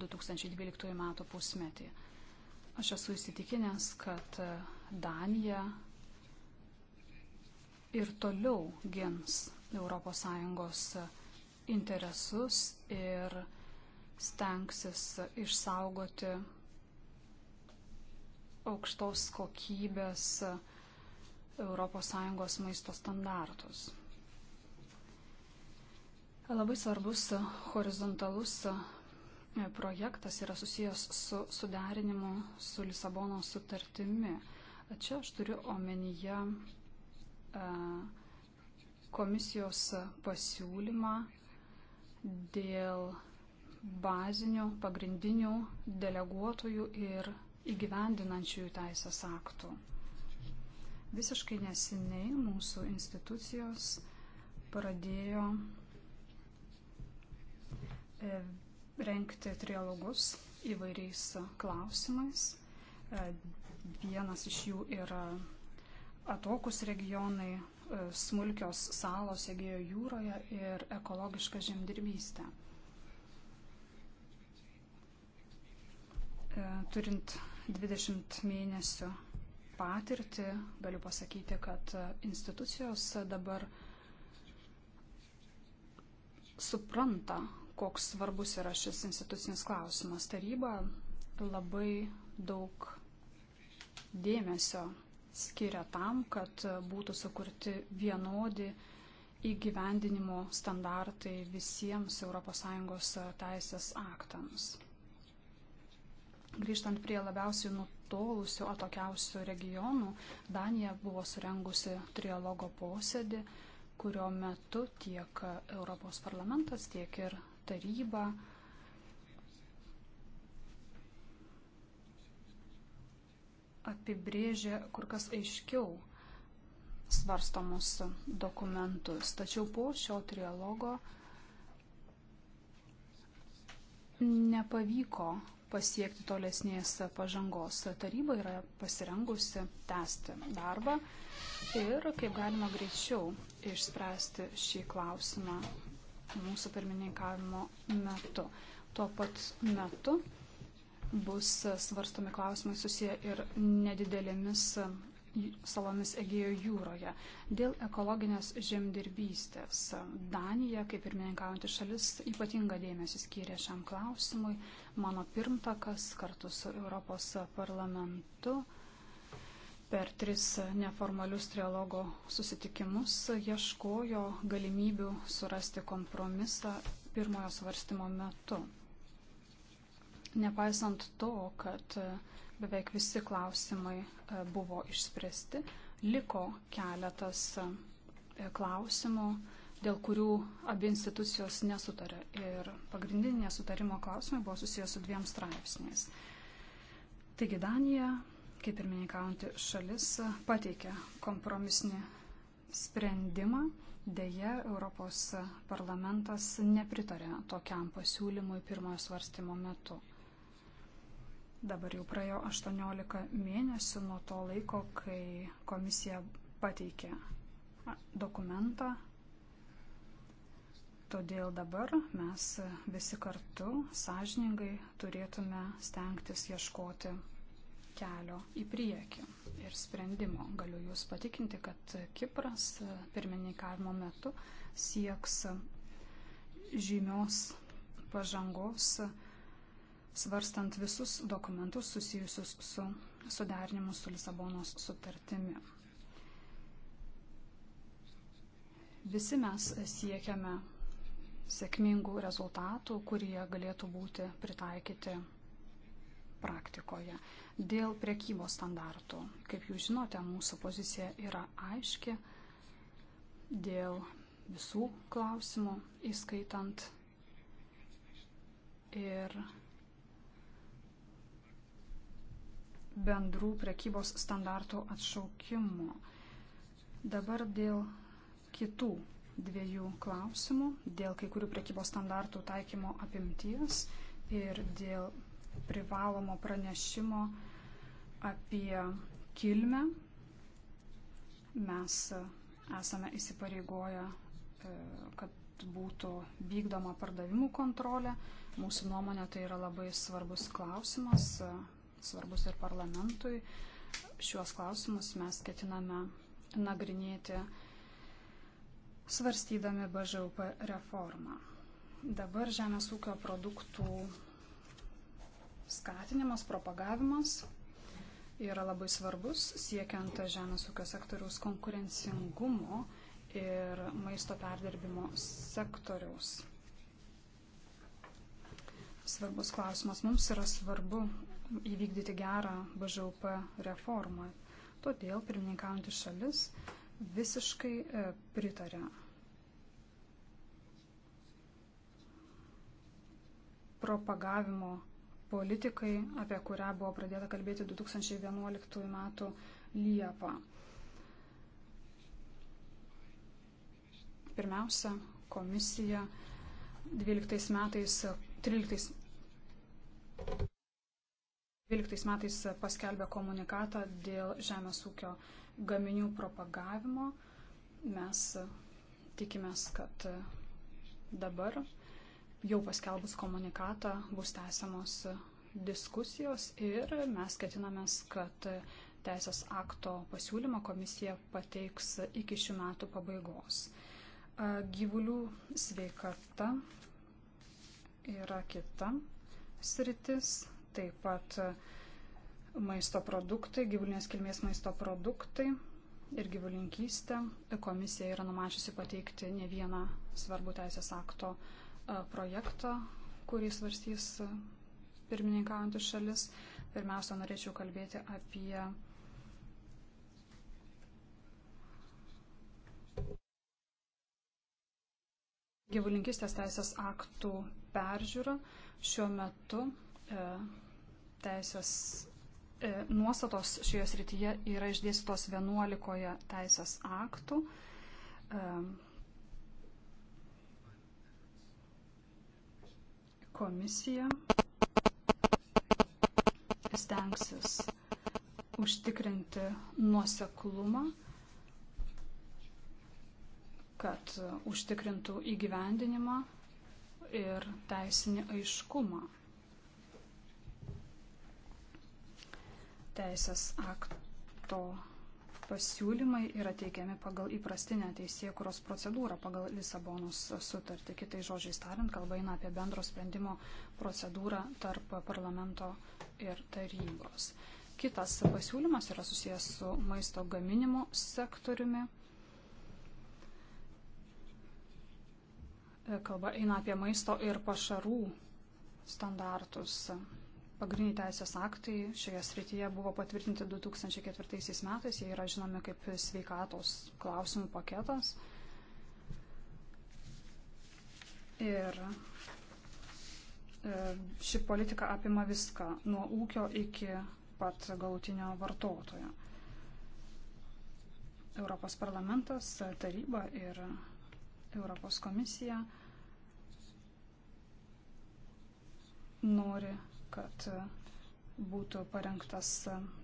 2012 metų pusmetį. Aš esu įsitikinęs, kad e, Danija ir toliau gins ES e, interesus ir stengsis išsaugoti aukštos kokybės ES maisto standartus. Labai svarbus e, horizontalus projektas yra susijęs su suderinimu su Lisabono sutartimi. Čia aš turiu omenyje e, komisijos pasiūlymą dėl bazinių, pagrindinių deleguotojų ir įgyvendinančiųjų teisės aktų. Visiškai nesiniai mūsų institucijos pradėjo e, renkti trialogus įvairiais klausimais. E, vienas iš jų yra atokus regionai, e, smulkios salos Egėjo jūroje ir ekologiška žemdirbystė. E, turint 20 mėnesių patirtį, galiu pasakyti, kad institucijos dabar supranta, koks svarbus yra šis institucinis klausimas. Taryba labai daug dėmesio skiria tam, kad būtų sukurti vienodi įgyvendinimo standartai visiems ES teisės aktams. Grįžtant prie labiausiai nutolusių, atokiausių regionų, Danija buvo surengusi trialogo posėdį, kurio metu tiek Europos parlamentas, tiek ir taryba. apibrėžė kur kas aiškiau svarstomus dokumentus. Tačiau po šio trialogo nepavyko pasiekti tolesnės pažangos. Taryba yra pasirengusi tęsti darbą ir kaip galima greičiau išspręsti šį klausimą mūsų pirmininkavimo metu. Tuo pat metu bus svarstomi klausimai susiję ir nedidelėmis salomis Egėjo jūroje. Dėl ekologinės žemdirbystės Danija, kaip pirmininkaujantys šalis, ypatinga dėmesį skyrė šiam klausimui. Mano pirmtakas kartu su Europos parlamentu per tris neformalius trialogo susitikimus ieškojo galimybių surasti kompromisą pirmojo svarstymo metu. Nepaisant to, kad beveik visi klausimai e, buvo išspręsti, liko keletas e, klausimų, dėl kurių abi institucijos nesutarė. Ir pagrindiniai nesutarimo klausimai buvo susijęs su dviem straipsniais. Taigi Danija kaip ir minikaujantį šalis, pateikė kompromisinį sprendimą. Deja, Europos parlamentas nepritarė tokiam pasiūlymui pirmojo svarstymo metu. Dabar jau praėjo 18 mėnesių nuo to laiko, kai komisija pateikė dokumentą. Todėl dabar mes visi kartu sąžiningai turėtume stengtis ieškoti kelio į priekį ir sprendimo. Galiu Jūs patikinti, kad Kipras pirmininkavimo metu sieks žymios pažangos, svarstant visus dokumentus susijusius su sudarinimu su Lisabonos sutartimi. Visi mes siekiame sėkmingų rezultatų, kurie galėtų būti pritaikyti praktikoje. Dėl priekybos standartų, kaip jūs žinote, mūsų pozicija yra aiški dėl visų klausimų, įskaitant ir bendrų priekybos standartų atšaukimo. Dabar dėl kitų dviejų klausimų, dėl kai kurių priekybos standartų taikymo apimties ir dėl privalomo pranešimo apie kilmę. Mes e, esame įsipareigoję, e, kad būtų vykdoma pardavimų kontrolė. Mūsų nuomonė tai yra labai svarbus klausimas, e, svarbus ir parlamentui. Šiuos klausimus mes ketiname nagrinėti svarstydami BŽUP reformą. Dabar žemės ūkio produktų skatinimas, propagavimas yra labai svarbus siekiant žemės ūkio sektoriaus konkurencingumo ir maisto perdirbimo sektoriaus. Svarbus klausimas. Mums yra svarbu įvykdyti gerą BŽUP reformą. Todėl pirmininkaujantis šalis visiškai e, pritarė propagavimo politikai, apie kurią buvo pradėta kalbėti 2011 m. Liepą. Pirmiausia, komisija 12 metais, 13, 12 metais paskelbė komunikatą dėl žemės ūkio gaminių propagavimo. Mes tikimės, kad dabar Jau paskelbus komunikatą bus tęsiamos diskusijos ir mes ketinamės, kad teisės akto pasiūlymą komisija pateiks iki šių metų pabaigos. Gyvulių sveikata yra kita sritis, taip pat maisto produktai, gyvulinės kilmės maisto produktai ir gyvulinkystė. Komisija yra numačiusi pateikti ne vieną svarbų teisės akto pasiūlymą projektą, kurį svarstys pirmininkaujantis šalis. Pirmiausia, norėčiau kalbėti apie gyvulinkistės teisės aktų peržiūrą. Šiuo metu e, teisės e, nuostatos šioje srityje yra išdėstytos 11 teisės aktų. E, Komisija stengsis užtikrinti nuoseklumą, kad užtikrintų įgyvendinimą ir teisinį aiškumą. Teisės akto pasiūlymai yra teikiami pagal įprastinę teisėkuros procedūrą, pagal Lisabonos sutartį. Kitai žodžiai tariant, kalba eina apie bendro sprendimo procedūrą tarp parlamento ir tarybos. Kitas pasiūlymas yra susijęs su maisto gaminimo sektoriumi. Kalba eina apie maisto ir pašarų standartus. Pagrindiniai teisės aktai šioje srityje buvo patvirtinti 2004 metais, jie yra žinomi kaip sveikatos klausimų paketas. Ir e, ši politika apima viską, nuo ūkio iki pat galutinio vartotojo. Europos parlamentas, taryba ir Europos komisija nori kad būtų parengtas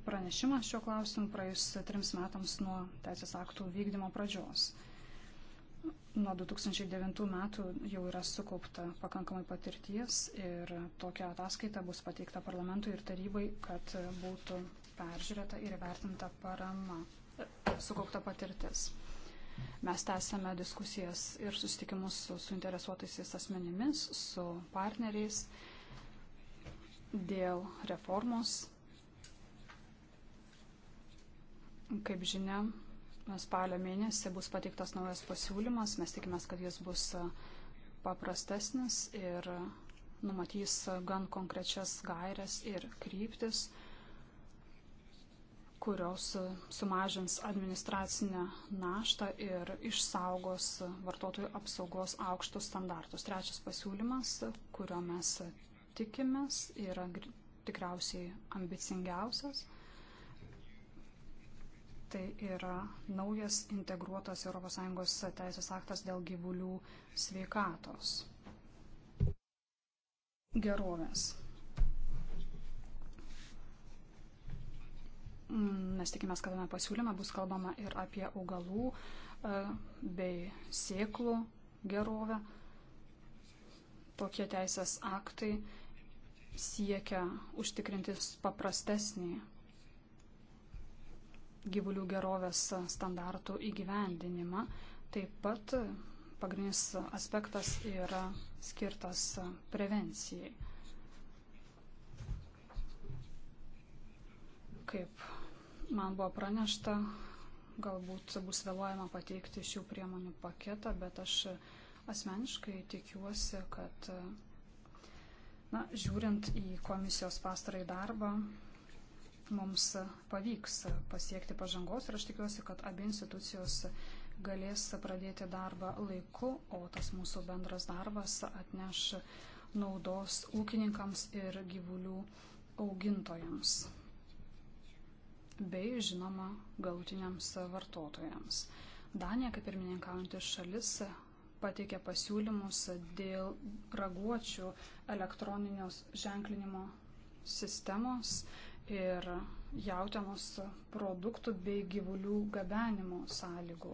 pranešimas šiuo klausimu praėjus trims metams nuo teisės aktų vykdymo pradžios. Nuo 2009 metų jau yra sukaupta pakankamai patirties ir tokia ataskaita bus pateikta parlamentui ir tarybai, kad būtų peržiūrėta ir įvertinta parama, sukaupta patirtis. Mes tęsėme diskusijas ir susitikimus su suinteresuotaisiais asmenimis, su partneriais dėl reformos. Kaip žinia, spalio mėnesį bus pateiktas naujas pasiūlymas. Mes tikimės, kad jis bus e, paprastesnis ir numatys gan konkrečias gairias ir kryptis, kurios e, sumažins administracinę naštą ir išsaugos vartotojų apsaugos aukštus standartus. Trečias pasiūlymas, kurio mes tikimės, yra tikriausiai ambicingiausias. Tai yra naujas integruotas ES teisės aktas dėl gyvulių sveikatos gerovės. Mes tikimės, kad tame pasiūlyme bus kalbama ir apie augalų e, bei sėklų gerovę. Tokie teisės aktai siekia užtikrintis paprastesnį gyvulių gerovės standartų įgyvendinimą. Taip pat pagrindinis aspektas yra skirtas prevencijai. Kaip man buvo pranešta, galbūt bus vėluojama pateikti šių priemonių paketą, bet aš asmeniškai tikiuosi, kad Na, žiūrint į komisijos pastarąjį darbą, mums pavyks pasiekti pažangos ir aš tikiuosi, kad abi institucijos galės pradėti darbą laiku, o tas mūsų bendras darbas atneš naudos ūkininkams ir gyvulių augintojams bei, žinoma, galutiniams vartotojams. Danija, kaip ir mininkaujantis šalis, pateikė pasiūlymus dėl raguočių elektroninės ženklinimo sistemos ir jautienos produktų bei gyvulių gabenimo sąlygų.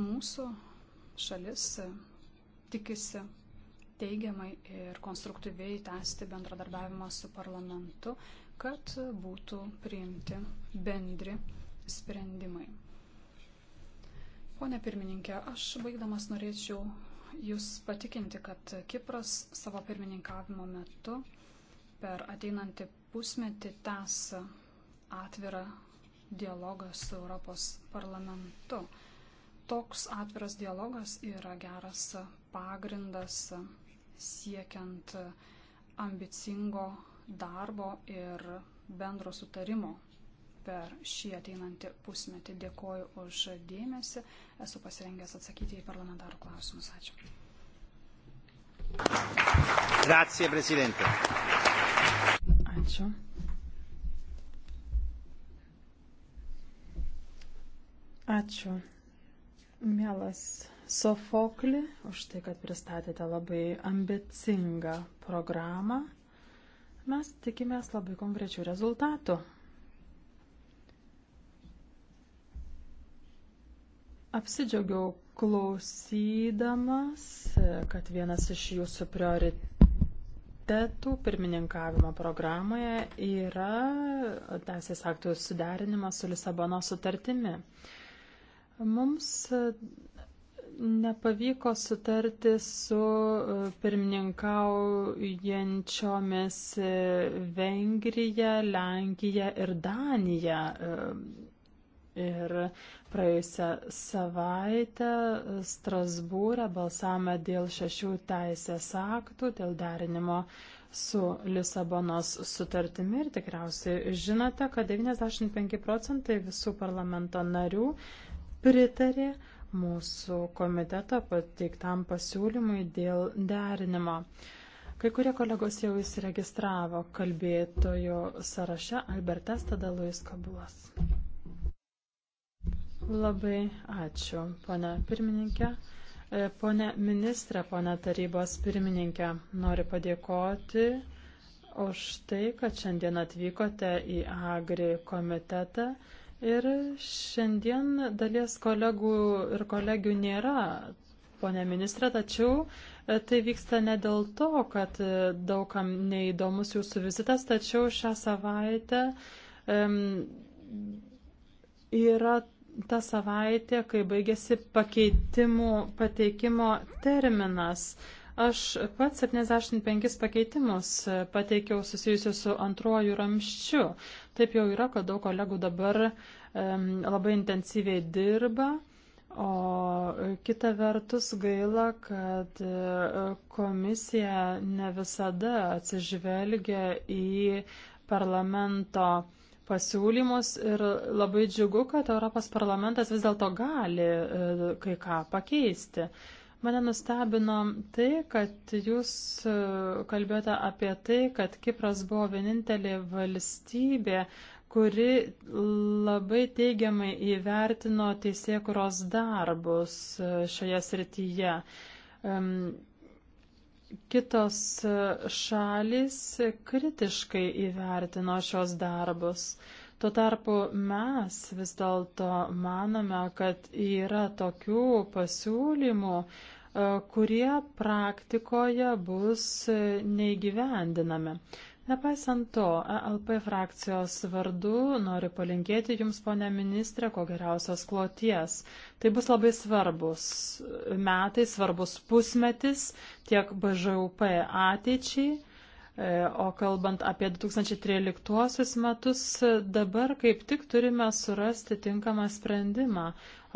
Mūsų šalis tikisi teigiamai ir konstruktyviai tęsti bendradarbiavimą su parlamentu, kad būtų priimti bendri sprendimai. Pone pirmininkė, aš baigdamas norėčiau Jūs patikinti, kad Kipras savo pirmininkavimo metu per ateinantį pusmetį tęs atvirą dialogą su Europos parlamentu. Toks atviras dialogas yra geras pagrindas siekiant ambicingo darbo ir bendro sutarimo per šį ateinantį pusmetį. Dėkoju už dėmesį. Esu pasirengęs atsakyti į parlamentarų klausimus. Ačiū. Grazie, prezidente. Ačiū. Ačiū, mielas Sofokli, už tai, kad pristatėte labai ambicingą programą. Mes tikimės labai konkrečių rezultatų. Apsidžiaugiau klausydamas, kad vienas iš jūsų prioritetų pirmininkavimo programoje yra teisės aktų suderinimas su Lisabono sutartimi. Mums nepavyko sutarti su pirmininkaujančiomis Vengrija, Lenkija ir Danija Ir praėjusią savaitę Strasbūrę balsavome dėl šešių teisės aktų, dėl derinimo su Lisabonos sutartimi. Ir tikriausiai žinote, kad 95 procentai visų parlamento narių pritarė mūsų komiteto pateiktam pasiūlymui dėl derinimo. Kai kurie kolegos jau įsiregistravo kalbėtojo sąraše Albertas tada Luis Kabulas. Labai ačiū, pana pirmininkė. E, pone ministrė, pone tarybos pirmininkė, noriu padėkoti už tai, kad šiandien atvykote į Agri komitetą. Ir šiandien dalies kolegų ir kolegių nėra, ponė ministrė, tačiau e, tai vyksta ne dėl to, kad e, daugam neįdomus jūsų vizitas, tačiau šią savaitę um, yra ta savaitė, kai baigėsi pakeitimų pateikimo terminas. Aš pat 75 pakeitimus pateikiau susijusiu su antroju ramščiu. Taip jau yra, kad daug kolegų dabar um, labai intensyviai dirba. O kita vertus gaila, kad e, komisija ne visada atsižvelgia į parlamento pasiūlymus ir labai džiugu, kad Europos parlamentas vis dėlto gali e, kai ką pakeisti. Mane nustebino tai, kad jūs e, kalbėjote apie tai, kad Kipras buvo vienintelė valstybė, kuri labai teigiamai įvertino teisėkuros darbus e, šioje srityje kitos šalys kritiškai įvertino šios darbus. Tuo tarpu mes vis dėlto manome, kad yra tokių pasiūlymų, kurie praktikoje bus neįgyvendinami. Nepaisant to, ALP frakcijos vardu noriu palinkėti Jums, ponė ministrė, ko geriausios kloties. Tai bus labai svarbus metai, svarbus pusmetis tiek BŽUP ateičiai, e, O kalbant apie 2013 metus, dabar kaip tik turime surasti tinkamą sprendimą.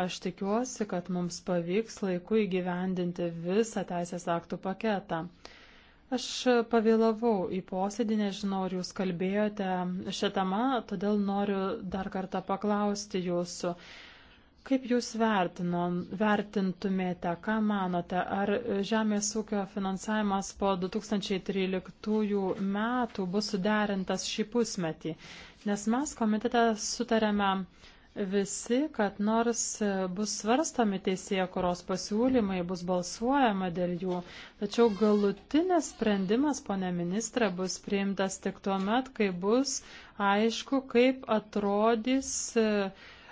Aš tikiuosi, kad mums pavyks laiku įgyvendinti visą teisės aktų paketą. Aš pavėlavau į posėdį, nežinau, ar jūs kalbėjote šią temą, todėl noriu dar kartą paklausti jūsų. Kaip jūs vertino, vertintumėte, ką manote, ar žemės ūkio finansavimas po 2013 metų bus suderintas šį pusmetį? Nes mes komitete sutarėme visi, kad nors bus svarstami teisėje, kuros pasiūlymai bus balsuojama dėl jų, tačiau galutinis sprendimas, ponė ministrė, bus priimtas tik tuo met, kai bus aišku, kaip atrodys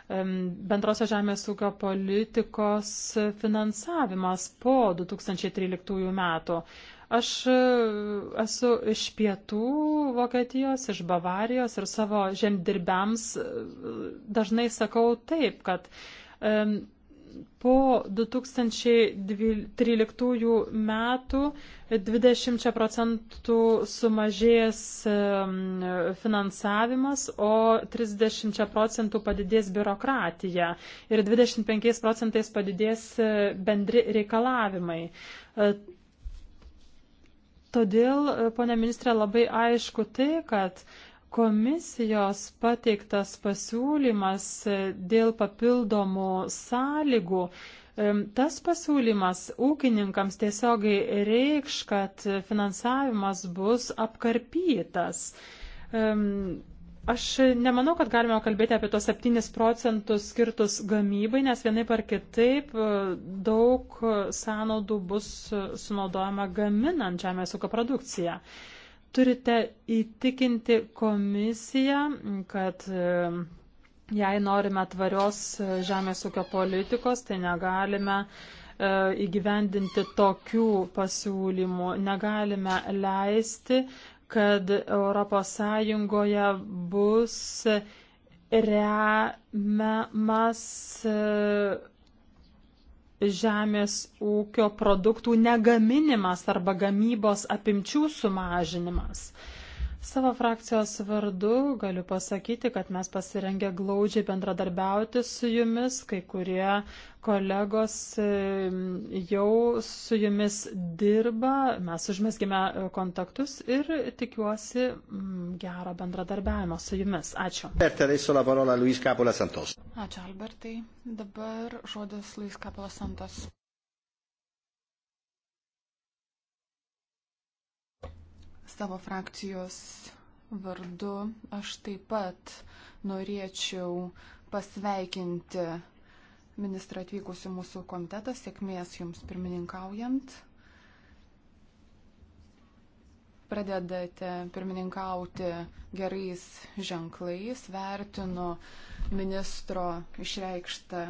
bendrosios žemės ūkio politikos finansavimas po 2013 metų. Aš e, esu iš pietų Vokietijos, iš Bavarijos ir savo žemdirbiams e, dažnai sakau taip, kad po 2013 metų 20 procentų sumažės finansavimas, o 30 procentų padidės biurokratija ir 25 procentais padidės e, bendri reikalavimai. Todėl, e, ponė ministrė, labai aišku tai, kad komisijos pateiktas pasiūlymas e, dėl papildomų sąlygų, e, tas pasiūlymas ūkininkams tiesiogiai reikš, kad finansavimas bus apkarpytas. Aš nemanau, kad galime kalbėti apie tos 7 procentus skirtus gamybai, nes vienaip ar kitaip e, daug sąnaudų bus e, sunaudojama gaminant žemės ūkio produkciją. Turite įtikinti komisiją, kad e, jei norime tvarios žemės ūkio politikos, tai negalime įgyvendinti tokių pasiūlymų, negalime leisti, kad ES bus remiamas e, žemės ūkio produktų negaminimas arba gamybos apimčių sumažinimas. Savo frakcijos vardu galiu pasakyti, kad mes pasirengę glaudžiai bendradarbiauti su jumis, kai kurie kolegos e, jau su jumis dirba, mes užmesgime kontaktus ir tikiuosi mm, gero bendradarbiavimo su jumis. Ačiū. Ačiū, Albertai. Dabar žodis Luis Kapola Santos. Savo frakcijos vardu aš taip pat norėčiau pasveikinti ministrą atvykusių mūsų komitetą. Sėkmės jums pirmininkaujant. Pradedate pirmininkauti gerais ženklais. Vertinu ministro išreikštą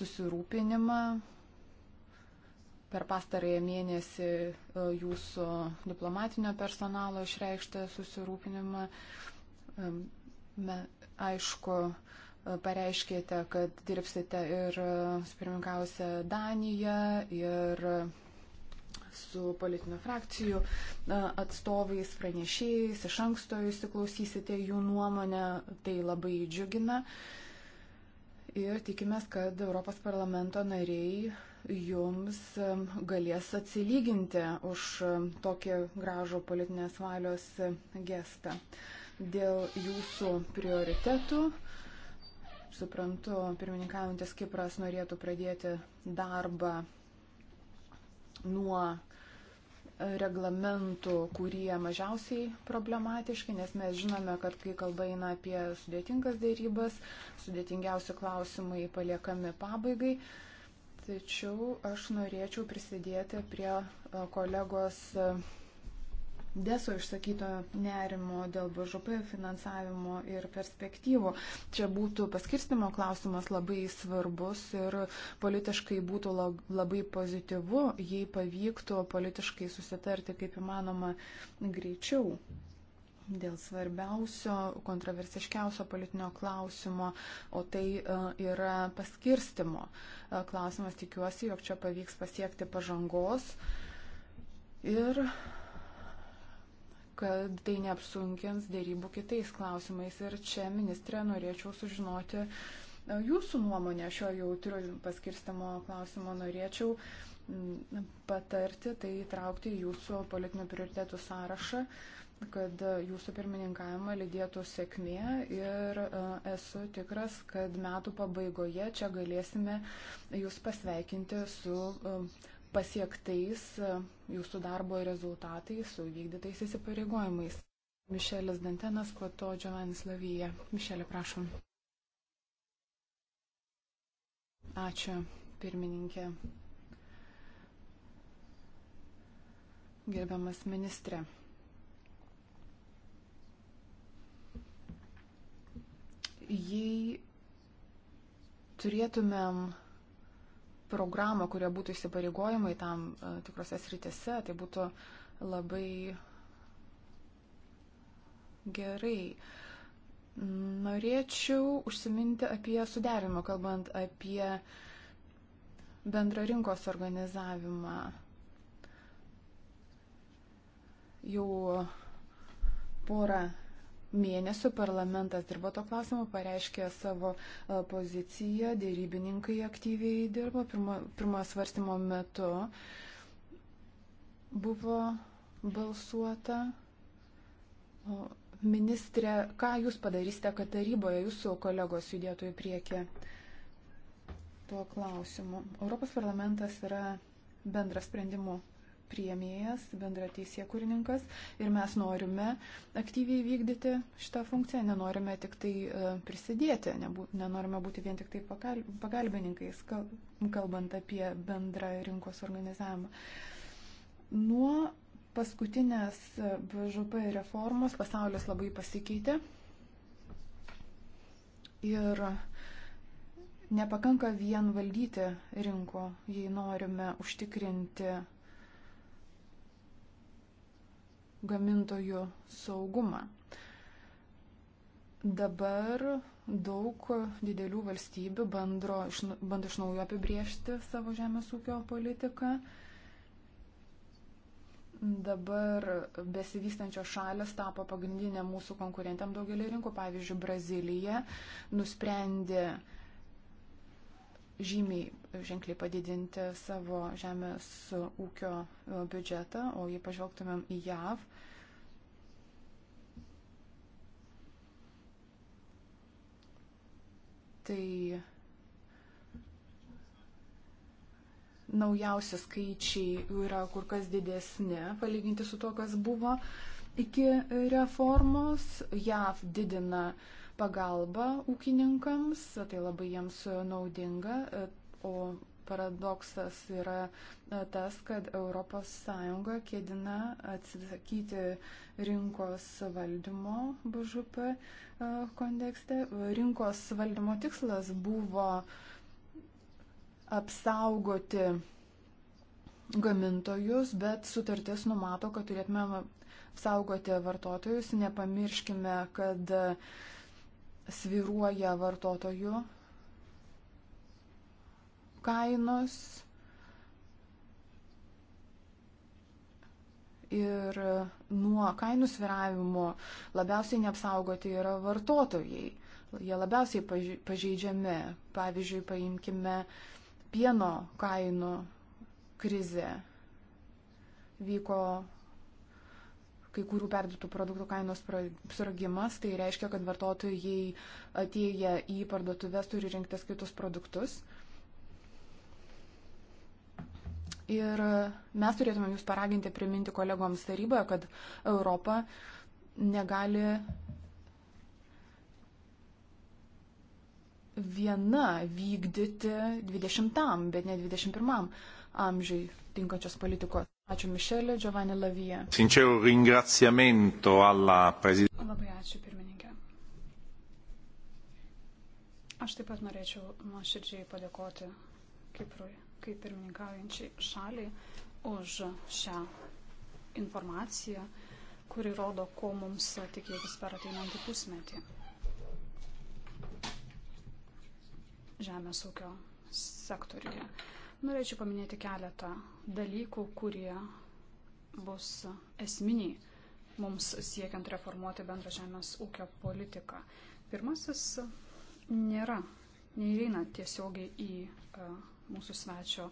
susirūpinimą per pastarąją mėnesį e, jūsų diplomatinio personalo išreikštą susirūpinimą. E, aišku, e, pareiškėte, kad dirbsite ir su pirmininkausia Danija, ir su politinių frakcijų atstovais, pranešėjais, iš anksto įsiklausysite jų nuomonę, tai labai džiugina. Ir tikimės, kad Europos parlamento nariai jums galės atsilyginti už tokį gražų politinės valios gestą. Dėl jūsų prioritetų, suprantu, pirmininkaujantis Kipras norėtų pradėti darbą nuo reglamentų, kurie mažiausiai problematiški, nes mes žinome, kad kai kalba eina apie sudėtingas dėrybas, sudėtingiausi klausimai paliekami pabaigai. Uh, Tačiau aš norėčiau prisidėti prie e, kolegos e, Deso išsakyto nerimo dėl BŽP finansavimo ir perspektyvų. Čia būtų paskirstimo klausimas labai svarbus ir politiškai būtų labai pozityvu, jei pavyktų politiškai susitarti kaip įmanoma greičiau dėl svarbiausio, kontroversiškiausio politinio klausimo, o tai e, yra paskirstimo e, klausimas. Tikiuosi, jog čia pavyks pasiekti pažangos ir kad tai neapsunkins dėrybų kitais klausimais. Ir čia, ministrė, norėčiau sužinoti e, jūsų nuomonę šio jautriu paskirstimo klausimo. Norėčiau patarti tai įtraukti į jūsų politinių prioritetų sąrašą. Uh, kad e, jūsų pirmininkavimą lydėtų sėkmė ir e, esu tikras, kad metų pabaigoje čia galėsime jūs pasveikinti su e, pasiektais jūsų darbo rezultatais, su vykdytais įsipareigojimais. Mišelis Dantenas, po to Džovanis Lavyje. Mišelė, prašom. Ačiū, pirmininkė. Gerbiamas ministrė. jei turėtumėm programą, kurioje būtų įsipareigojimai tam e, tikrose sritise, tai būtų labai gerai. Norėčiau užsiminti apie suderimą, kalbant apie bendrą rinkos organizavimą. Jau porą mėnesių parlamentas dirbo to klausimu, pareiškė savo e, poziciją, dėrybininkai aktyviai dirbo pirmo, pirmo svarstymo metu. Buvo balsuota. O, ministrė, ką jūs padarysite, kad taryboje jūsų kolegos judėtų į priekį tuo klausimu? Europos parlamentas yra bendras sprendimu priemėjas, bendra teisė kūrininkas ir mes norime aktyviai vykdyti šitą funkciją, nenorime tik tai e, prisidėti, nebū, nenorime būti vien tik tai pagalbininkais, kalbant apie bendrą rinkos organizavimą. Nuo paskutinės e, BŽP reformos pasaulis labai pasikeitė ir nepakanka vien valdyti rinko, jei norime užtikrinti gamintojų saugumą. Dabar daug didelių valstybių bandro, bando iš naujo apibriežti savo žemės ūkio politiką. Dabar besivystančios šalės tapo pagrindinė mūsų konkurentėm daugelį rinkų. Pavyzdžiui, Brazilija nusprendė uh, žymiai e, ženkliai padidinti savo žemės ūkio e, biudžetą, o jei pažvelgtumėm į JAV, tai naujausi skaičiai yra kur kas didesni palyginti su to, kas buvo iki reformos. JAV didina uh, pagalba ūkininkams, tai labai jiems naudinga, e, o paradoksas yra e, tas, kad ES kėdina atsisakyti rinkos valdymo BŽP e, kontekste. Rinkos valdymo tikslas buvo apsaugoti gamintojus, bet sutartis numato, kad turėtume apsaugoti vartotojus. Nepamirškime, kad uh, sviruoja vartotojų kainos ir nuo kainų sviravimo labiausiai neapsaugoti yra vartotojai. Jie labiausiai pažeidžiami. Pavyzdžiui, paimkime pieno kainų krizę. Vyko kai kurių perdirbtų produktų kainos sprogimas, tai reiškia, kad vartotojai atėję į parduotuvės turi rinktis kitus produktus. Ir mes turėtume jūs paraginti priminti kolegoms taryboje, kad Europa negali viena vykdyti 20, bet ne 21 amžiai tinkančios politikos. Ačiū Mišelė, Giovanni Lavija. Sincero ringraziamento alla prezidentė. Labai ačiū pirmininkė. Aš taip pat norėčiau nuoširdžiai padėkoti Kiprui, kaip pirmininkaujančiai šaliai, už šią informaciją, kuri rodo, ko mums tikėtis per ateinantį pusmetį. Žemės ūkio sektoriuje. Norėčiau paminėti keletą dalykų, kurie bus esminiai mums siekiant reformuoti bendrą žemės ūkio politiką. Pirmasis nėra, neįeina tiesiogiai į e, mūsų svečio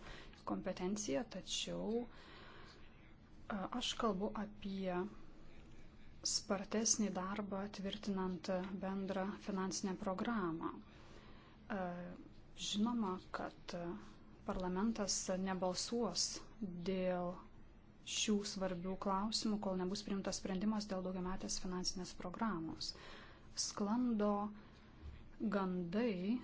kompetenciją, tačiau e, aš kalbu apie spartesnį darbą tvirtinant bendrą finansinę programą. E, žinoma, kad parlamentas nebalsuos dėl šių svarbių klausimų, kol nebus priimtas sprendimas dėl daugiametės finansinės programos. Sklando gandai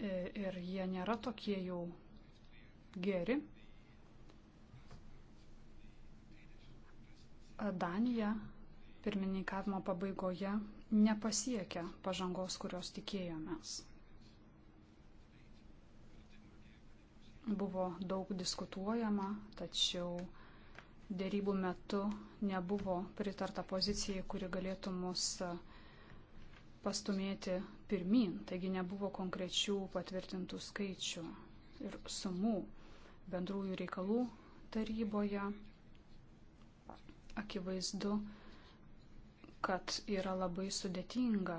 ir jie nėra tokie jau geri. Danija pirmininkavimo pabaigoje nepasiekia pažangos, kurios tikėjomės. Buvo daug diskutuojama, tačiau dėrybų metu nebuvo pritarta pozicijai, kuri galėtų mus e, pastumėti pirmin, taigi nebuvo konkrečių patvirtintų skaičių ir sumų bendrųjų reikalų taryboje. Akivaizdu, kad yra labai sudėtinga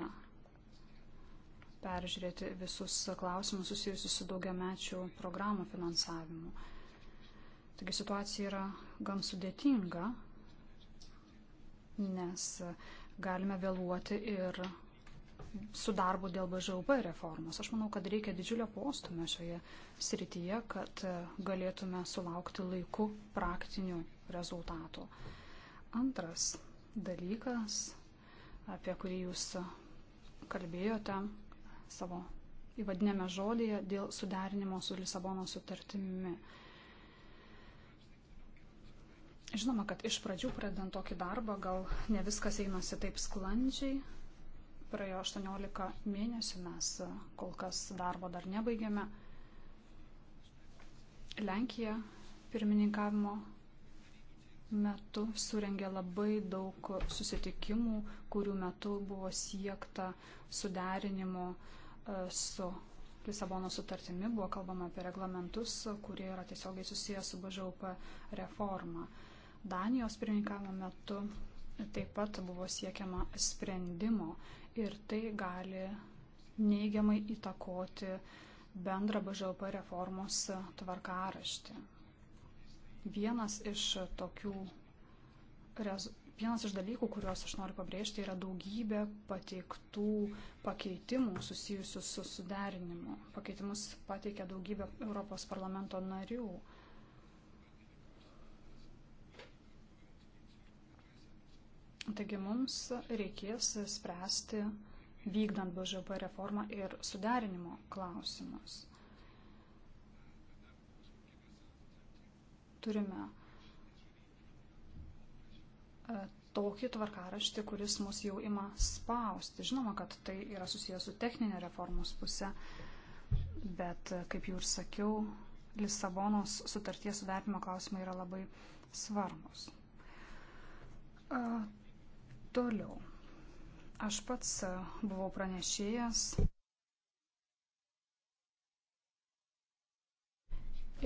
peržiūrėti visus klausimus susijusius su daugiamečių programų finansavimu. Taigi situacija yra gan sudėtinga, nes galime vėluoti ir su darbu dėl BŽUP reformos. Aš manau, kad reikia didžiulio postumio šioje srityje, kad galėtume sulaukti laiku praktinių rezultatų. Antras dalykas, apie kurį jūs kalbėjote, savo įvadinėme žodėje dėl suderinimo su Lisabono sutartimi. Žinoma, kad iš pradžių pradedant tokį darbą gal ne viskas einasi taip sklandžiai. Praėjo 18 mėnesių mes kol kas darbo dar nebaigėme. Lenkija pirmininkavimo metu surengė labai daug susitikimų, kurių metu buvo siekta suderinimo uh, E, su Lisabono sutartimi, buvo kalbama apie reglamentus, kurie yra tiesiogiai susijęs su BŽUP reforma. Danijos pirmininkavimo metu taip pat buvo siekiama sprendimo ir tai gali neigiamai įtakoti bendrą BŽUP reformos tvarkaraštį. Vienas iš tokių rez vienas iš dalykų, kuriuos aš noriu pabrėžti, yra daugybė pateiktų pakeitimų susijusių su suderinimu. Pakeitimus pateikia daugybė Europos parlamento narių. Taigi mums reikės spręsti vykdant BŽP reformą ir suderinimo klausimus. Turime E, tokį tvarkaraštį, kuris mus jau ima spausti. Žinoma, kad tai yra susijęs su techninė reformos pusė, bet, e, kaip jau ir sakiau, Lisabonos sutarties sudarimo klausimai yra labai svarbus. A, e, toliau. Aš pats buvau pranešėjas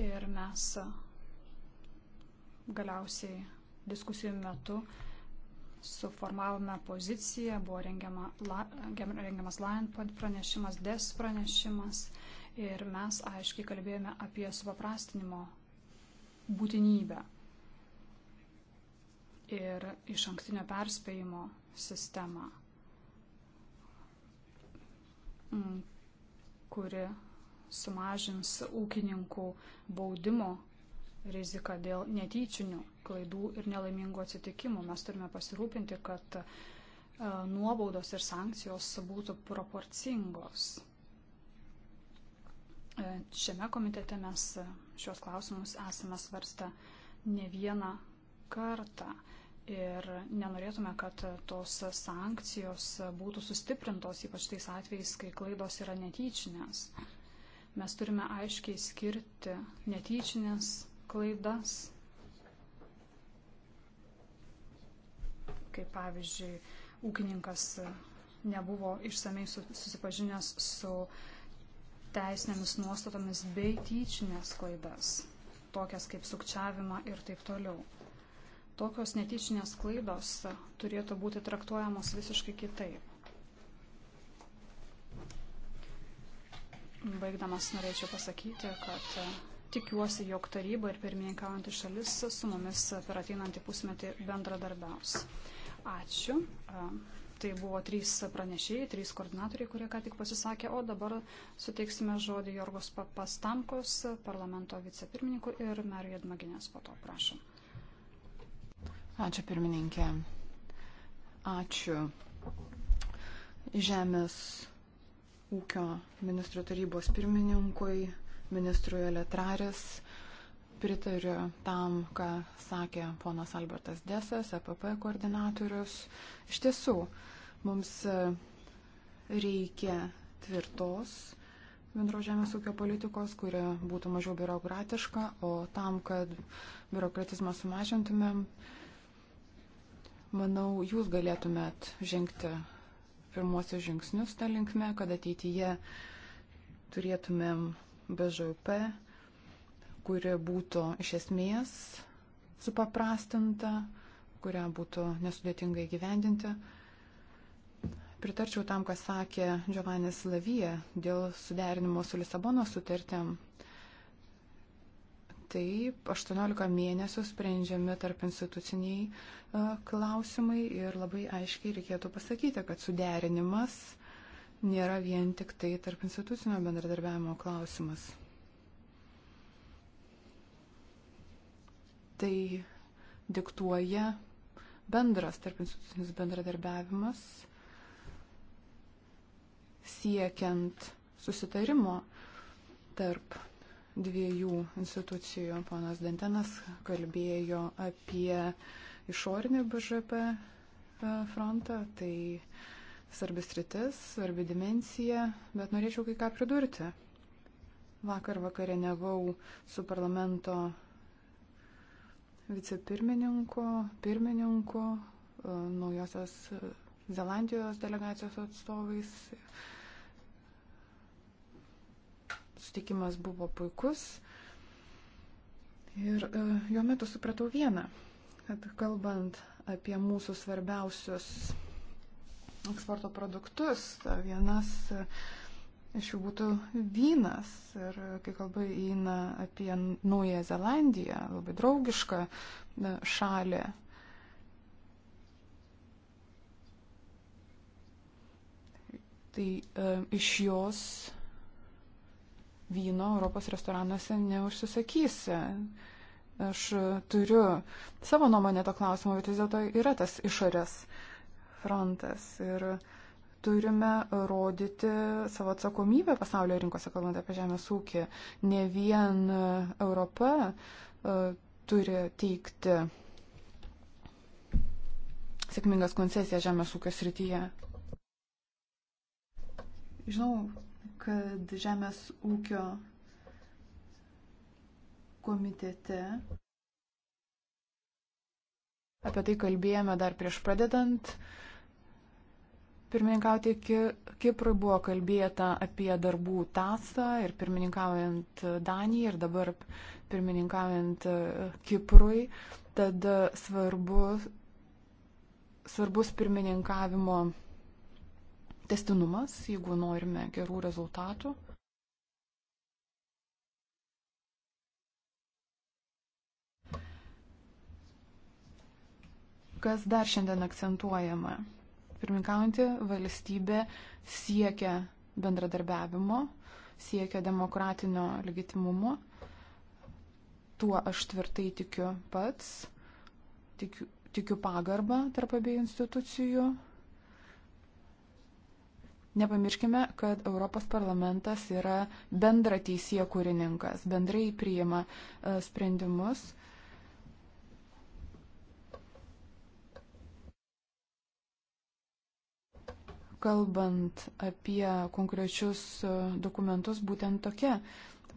ir mes galiausiai diskusijų metu suformavome poziciją, buvo rengiama, la, rengiamas Lion pranešimas, DES pranešimas ir mes aiškiai kalbėjome apie supaprastinimo būtinybę ir iš ankstinio perspėjimo sistemą, kuri sumažins ūkininkų baudimo rizika dėl netyčinių klaidų ir nelaimingų atsitikimų. Mes turime pasirūpinti, kad e, nuobaudos ir sankcijos būtų proporcingos. E, šiame komitete mes šios klausimus esame svarstę ne vieną kartą ir nenorėtume, kad tos sankcijos būtų sustiprintos, ypač tais atvejais, kai klaidos yra netyčinės. Mes turime aiškiai skirti netyčinės klaidas, kaip pavyzdžiui, ūkininkas nebuvo išsamei susipažinęs su teisinėmis nuostatomis bei tyčinės klaidas, tokias kaip sukčiavimą ir taip toliau. Tokios netyčinės klaidos turėtų būti traktuojamos visiškai kitaip. Baigdamas norėčiau pasakyti, kad Tikiuosi, jog taryba ir pirmininkaujantys šalis su mumis per ateinantį pusmetį bendradarbiaus. Ačiū. Tai buvo trys pranešėjai, trys koordinatoriai, kurie ką tik pasisakė, o dabar suteiksime žodį Jorgos Papastamkos, parlamento vicepirmininkų ir Marijad Maginės po to. Prašom. Ačiū pirmininkė. Ačiū Žemės ūkio ministro tarybos pirmininkui ministrui Eletraris. Pritariu tam, ką sakė ponas Albertas Desas, APP e koordinatorius. Iš tiesų, mums reikia tvirtos bendros žemės ūkio politikos, kuri būtų mažiau biurokratiška, o tam, kad biurokratizmą sumažintumėm, manau, jūs galėtumėt žengti pirmosius žingsnius tą linkmę, kad ateityje turėtumėm BŽP, kuri būtų iš esmės supaprastinta, kurią būtų nesudėtinga įgyvendinti. Pritarčiau tam, ką sakė Giovannis Lavija dėl suderinimo su Lisabono sutartėm. Taip, 18 mėnesių sprendžiami tarp instituciniai e, klausimai ir labai aiškiai reikėtų pasakyti, kad suderinimas uh, nėra vien tik tai tarp institucinio bendradarbiavimo klausimas. Tai diktuoja bendras tarp institucinis bendradarbiavimas siekiant susitarimo tarp dviejų institucijų. Ponas Dantenas kalbėjo apie išorinį BŽP e, frontą, tai svarbis rytis, svarbi dimencija, bet norėčiau kai ką pridurti. Vakar vakarė nevau su parlamento vicepirmininku, pirmininku, e, naujosios Zelandijos delegacijos atstovais. Sutikimas buvo puikus. Ir e, jo metu supratau vieną, kad kalbant apie mūsų svarbiausius eksporto produktus. Vienas e, iš jų būtų vynas. Ir kai kalba eina apie Naująją Zelandiją, labai draugišką e, šalį. Tai e, iš jos vyno Europos restoranuose neužsisakysi. Aš turiu savo nuomonę to klausimo, bet vis dėlto yra tas išorės uh, frontas ir turime rodyti savo atsakomybę pasaulio rinkose, kalbant apie žemės ūkį. Ne vien e, Europa e, turi teikti sėkmingas koncesijas žemės ūkio srityje. Žinau, kad žemės ūkio komitete apie tai kalbėjome dar prieš pradedant uh, pirmininkauti Kiprui buvo kalbėta apie darbų tasą ir pirmininkaujant Danijai ir dabar pirmininkaujant e, Kiprui, tad e, svarbu, svarbus pirmininkavimo testinumas, jeigu norime gerų rezultatų. Kas dar šiandien akcentuojama? Pirmininkaujantį valstybė siekia bendradarbiavimo, siekia demokratinio legitimumo. Tuo aš tvirtai tikiu pats, tikiu, tikiu pagarbą tarp abiejų institucijų. Nepamirškime, kad Europos parlamentas yra bendra teisė kūrininkas, bendrai priima e, sprendimus kalbant apie konkrečius e, dokumentus, būtent tokia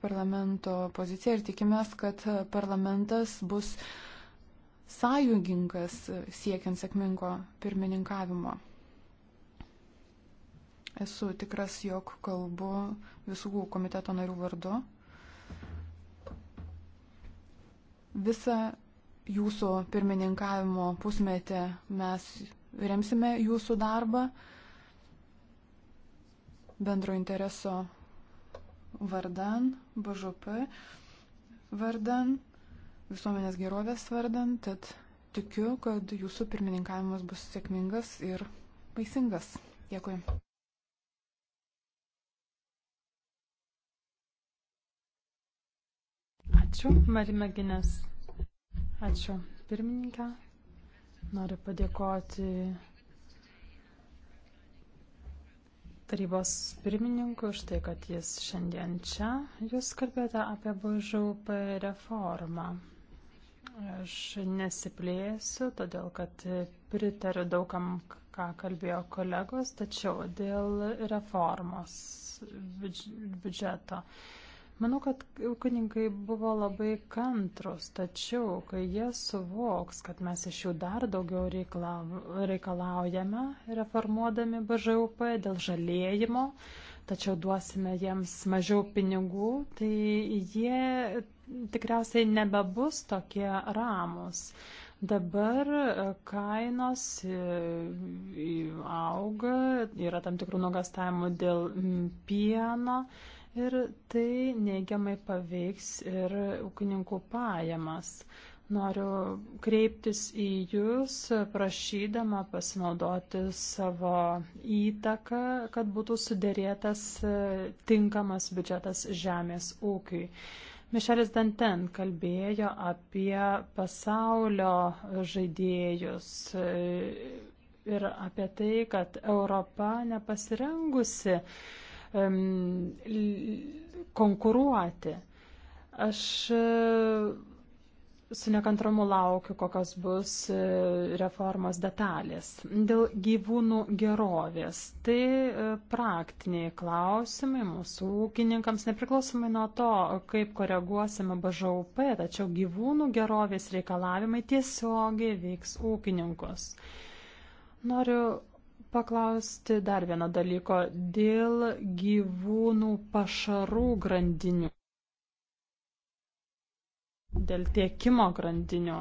parlamento pozicija ir tikimės, kad parlamentas bus sąjungininkas siekiant sėkmingo pirmininkavimo. Esu tikras, jog kalbu visų komiteto narių vardu. Visą jūsų pirmininkavimo pusmetį mes remsime jūsų darbą bendro intereso vardan, BŽP vardan, visuomenės gerovės vardan, tad tikiu, kad jūsų pirmininkavimas bus sėkmingas ir vaisingas. Dėkui. Ačiū, Marime Gines. Ačiū, pirmininkė. Noriu padėkoti tarybos pirmininku už tai, kad jis šiandien čia. Jūs kalbėjote apie BŽUP reformą. Aš nesiplėsiu, todėl kad pritariu daugam, ką kalbėjo kolegos, tačiau dėl reformos biudžeto. Vidž Manau, kad ūkininkai buvo labai kantrus, tačiau, kai jie suvoks, kad mes iš jų dar daugiau reikalaujame, reformuodami BŽUP dėl žalėjimo, tačiau duosime jiems mažiau pinigų, tai jie tikriausiai nebebus tokie ramus. Dabar e, kainos e, auga, yra tam tikrų nuogastavimų dėl pieno ir tai neigiamai paveiks ir ūkininkų pajamas. Noriu kreiptis į Jūs, prašydama pasinaudoti savo įtaką, kad būtų sudėrėtas e, tinkamas biudžetas žemės ūkiui. Mišelis Danten kalbėjo apie pasaulio žaidėjus e, ir apie tai, kad Europa nepasirengusi konkuruoti. Aš e, su nekantrumu laukiu, kokios bus e, reformos detalės. Dėl gyvūnų gerovės. Tai e, praktiniai klausimai mūsų ūkininkams, nepriklausomai nuo to, kaip koreguosime BŽUP, tačiau gyvūnų gerovės reikalavimai tiesiogiai veiks ūkininkus. Noriu paklausti dar vieno dalyko dėl gyvūnų pašarų grandinių, dėl tiekimo grandinių.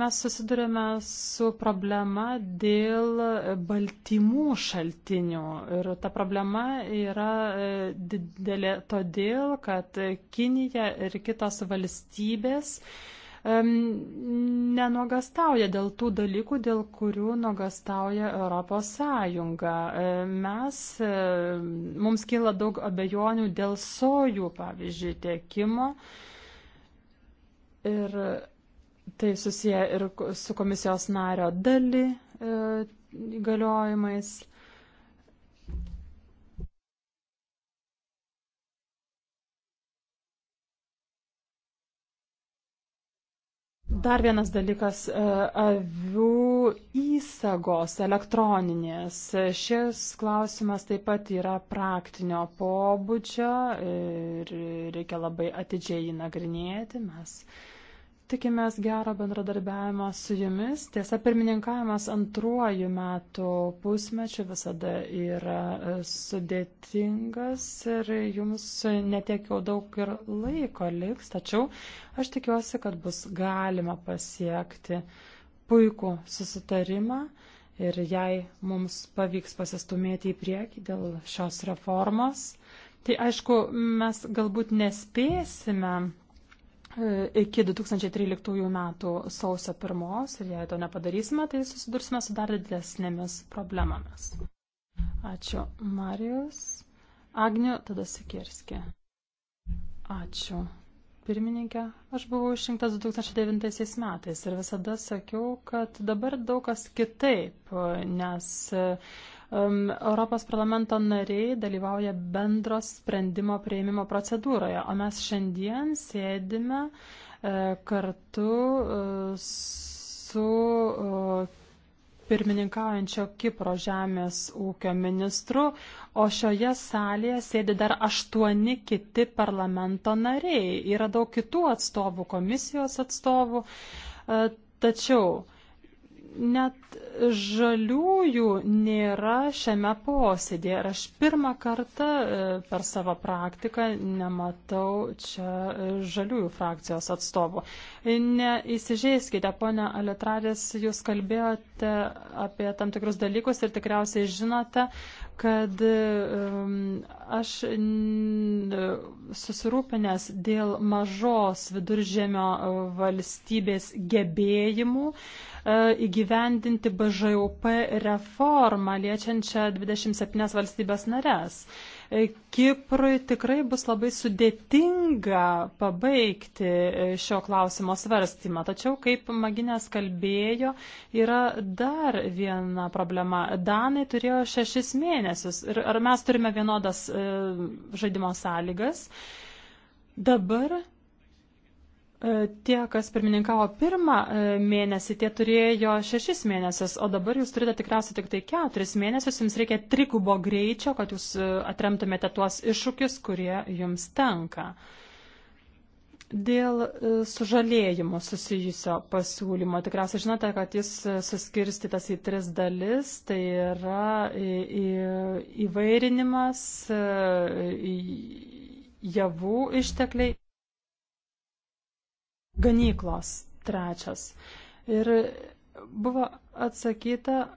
Mes susidurėme su problema dėl baltymų šaltinių ir ta problema yra e, didelė todėl, kad Kinija ir kitos valstybės uh, nenogastauja dėl tų dalykų, dėl kurių nogastauja Europos Sąjunga. Mes, mums kyla daug abejonių dėl sojų, pavyzdžiui, tiekimo. Ir tai susiję ir su komisijos nario dali e, įgaliojimais. E, Dar vienas dalykas e, - avių įsagos elektroninės. Šis klausimas taip pat yra praktinio pobūdžio ir reikia labai atidžiai jį nagrinėti. Mes Tikimės gero bendradarbiavimo su jumis. Tiesa, pirmininkavimas antruoju metu pusmečiu visada yra e, sudėtingas ir jums netiek jau daug ir laiko liks, tačiau aš tikiuosi, kad bus galima pasiekti puikų susitarimą ir jei mums pavyks pasistumėti į priekį dėl šios reformos, tai aišku, mes galbūt nespėsime iki 2013 metų sausio pirmos ir jei to nepadarysime, tai susidursime su dar didesnėmis problemomis. Ačiū, Marijos. Agniu, tada Sikirski. Ačiū. Pirmininkė, aš buvau išrinktas 2009 metais ir visada sakiau, kad dabar daug kas kitaip, nes Europos parlamento nariai dalyvauja bendros sprendimo prieimimo procedūroje, o mes šiandien sėdime e, kartu e, su e, pirmininkaujančio Kipro žemės ūkio ministru, o šioje salėje sėdi dar aštuoni kiti parlamento nariai. Yra daug kitų atstovų, komisijos atstovų. Tačiau net žaliųjų nėra šiame posėdėje. Ir aš pirmą kartą e, per savo praktiką nematau čia e, žaliųjų frakcijos atstovų. Neįsižeiskite, ponia Alitradės, jūs kalbėjote apie tam tikrus dalykus ir tikriausiai žinote, kad aš susirūpinęs dėl mažos viduržėmio e, valstybės gebėjimų e, įgyvendinti BŽUP reformą liečiančią 27 valstybės nares. Kiprui tikrai bus labai sudėtinga pabaigti e, šio klausimo svarstymą. Tačiau, kaip Maginės kalbėjo, yra dar viena problema. Danai turėjo šešis mėnesius ir ar mes turime vienodas e, žaidimo sąlygas. Dabar E, tie, kas pirmininkavo pirmą e, mėnesį, tie turėjo šešis mėnesius, o dabar jūs turite tikriausiai tik tai keturis mėnesius, jums reikia trigubo greičio, kad jūs e, atremtumėte tuos iššūkius, kurie jums tenka. Dėl sužalėjimo susijusio pasiūlymo, tikriausiai žinote, kad jis suskirstytas į tris dalis, tai yra įvairinimas, javų ištekliai ganyklos trečias. Ir buvo atsakyta,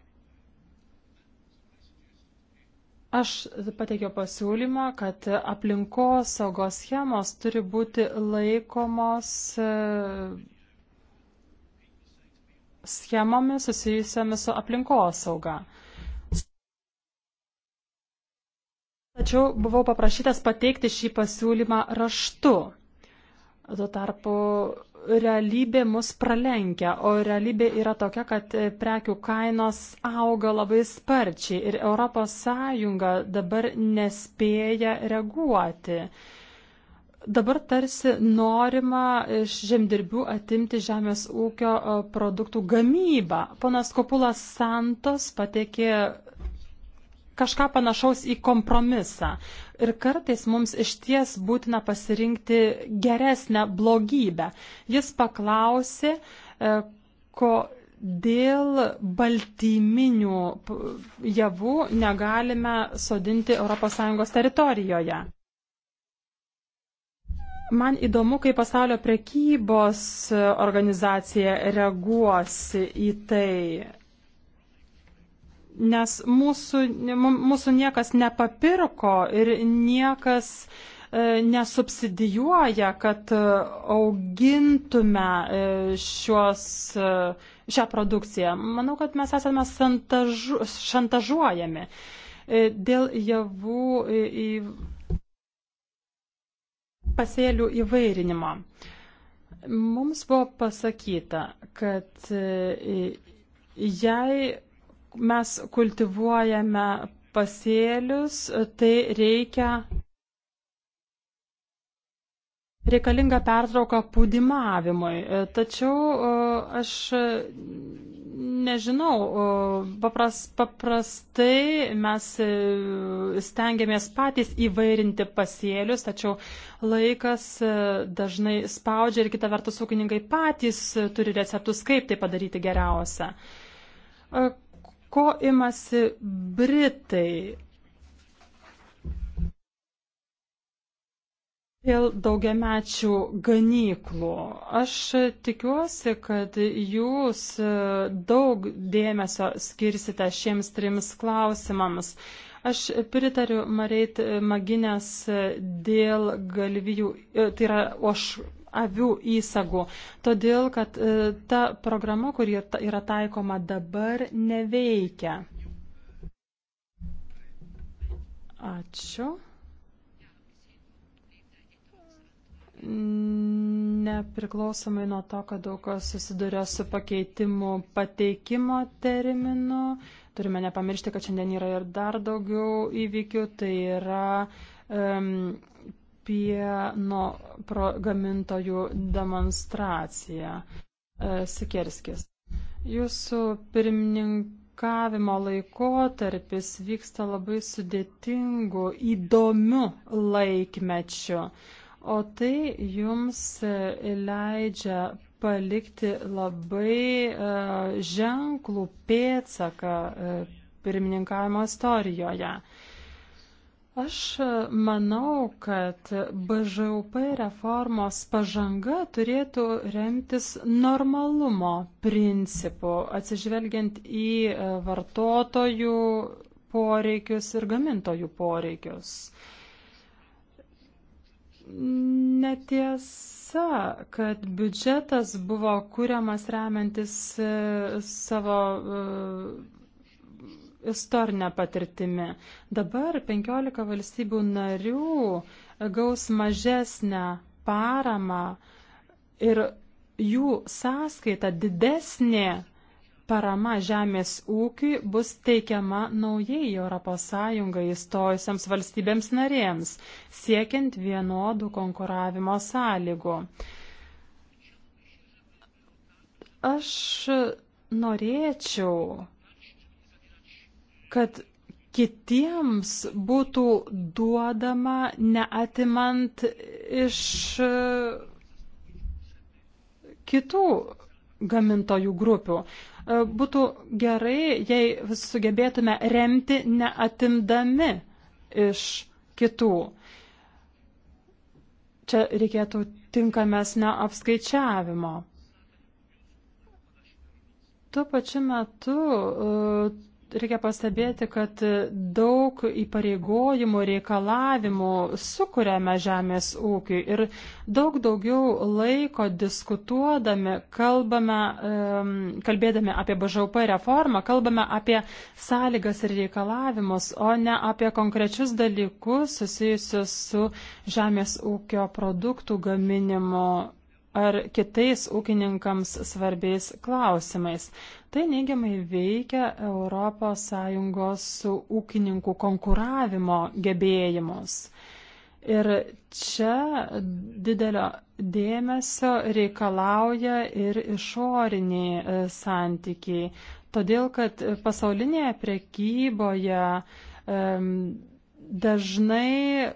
Aš pateikiau pasiūlymą, kad aplinkos saugos schemos turi būti laikomos e, schemomis susijusiamis su aplinkos sauga. Tačiau buvau paprašytas pateikti šį pasiūlymą raštu. Tuo tarpu realybė mus pralenkia, o realybė yra tokia, kad prekių kainos auga labai sparčiai ir ES dabar nespėja reaguoti. Dabar tarsi norima iš žemdirbių atimti žemės ūkio produktų gamybą. Ponas Kopulas Santos pateikė kažką panašaus į kompromisą. Ir kartais mums iš ties būtina pasirinkti geresnę blogybę. Jis paklausė, e, kodėl baltyminių javų negalime sodinti ES teritorijoje. Man įdomu, kaip pasaulio prekybos organizacija reaguosi į tai nes mūsų, mūsų niekas nepapirko ir niekas e, nesubsidijuoja, kad e, augintume e, šios, šią produkciją. Manau, kad mes esame šantažu, šantažuojami dėl javų į pasėlių įvairinimo. Mums buvo pasakyta, kad jei mes kultivuojame pasėlius, tai reikia reikalinga pertrauka pūdimavimui. Tačiau e, aš nežinau, e, papras, paprastai mes e, stengiamės patys įvairinti pasėlius, tačiau laikas dažnai spaudžia ir kita vertus ūkininkai patys turi receptus, kaip tai padaryti geriausia. Ko imasi Britai? Dėl daugiamečių ganyklų. Aš tikiuosi, kad jūs e, daug dėmesio skirsite šiems trims klausimams. Aš pritariu Mareit Maginės dėl galvijų, e, tai yra oš, avių įsagų, todėl kad e, ta programa, kuri yra taikoma dabar, neveikia. Ačiū. Nepriklausomai nuo to, kad daug kas susiduria su pakeitimu pateikimo terminu, turime nepamiršti, kad šiandien yra ir dar daugiau įvykių, tai yra um, pieno gamintojų demonstraciją. E, Sikerskis. Jūsų pirmininkavimo laikotarpis vyksta labai sudėtingu, įdomiu laikmečiu, o tai jums leidžia palikti labai e, ženklų pėtsaką e, pirmininkavimo istorijoje. Aš e, manau, kad BŽUP reformos pažanga turėtų remtis normalumo principu, atsižvelgiant į e, vartotojų poreikius ir gamintojų poreikius. Netiesa, kad biudžetas buvo kuriamas remiantis e, savo istorinė patirtimi. Dabar 15 valstybių narių gaus mažesnę paramą ir jų sąskaita didesnė parama žemės ūkiui bus teikiama naujai ES įstojusiams valstybėms narėms, siekiant vienodų konkuravimo sąlygų. Aš norėčiau kad kitiems būtų duodama neatimant iš e, kitų gamintojų grupių. E, būtų gerai, jei sugebėtume remti neatimdami iš kitų. Čia reikėtų tinkamesnio apskaičiavimo. Tuo pačiu metu e, reikia pastebėti, kad daug įpareigojimų, reikalavimų sukūrėme žemės ūkiui ir daug daugiau laiko diskutuodami, kalbame, kalbėdami apie BŽP reformą, kalbame apie sąlygas ir reikalavimus, o ne apie konkrečius dalykus susijusius su žemės ūkio produktų gaminimo ar kitais ūkininkams svarbiais klausimais. Tai neigiamai veikia ES ūkininkų konkuravimo gebėjimus. Ir čia didelio dėmesio reikalauja ir išoriniai e, santykiai. Todėl, kad pasaulinėje prekyboje um, dažnai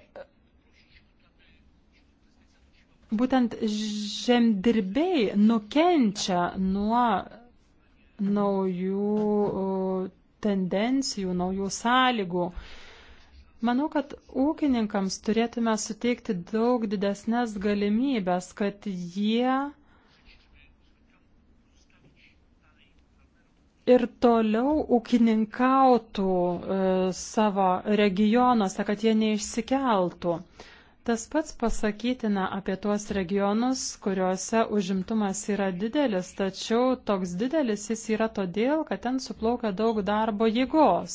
būtent žemdirbiai nukenčia nuo naujų tendencijų, naujų sąlygų. Manau, kad ūkininkams turėtume suteikti daug didesnės galimybės, kad jie ir toliau ūkininkautų e, savo regionuose, kad jie neišsikeltų. Uh, Tas pats pasakytina apie tuos regionus, kuriuose užimtumas yra didelis, tačiau toks didelis jis yra todėl, kad ten suplaukia daug darbo jėgos,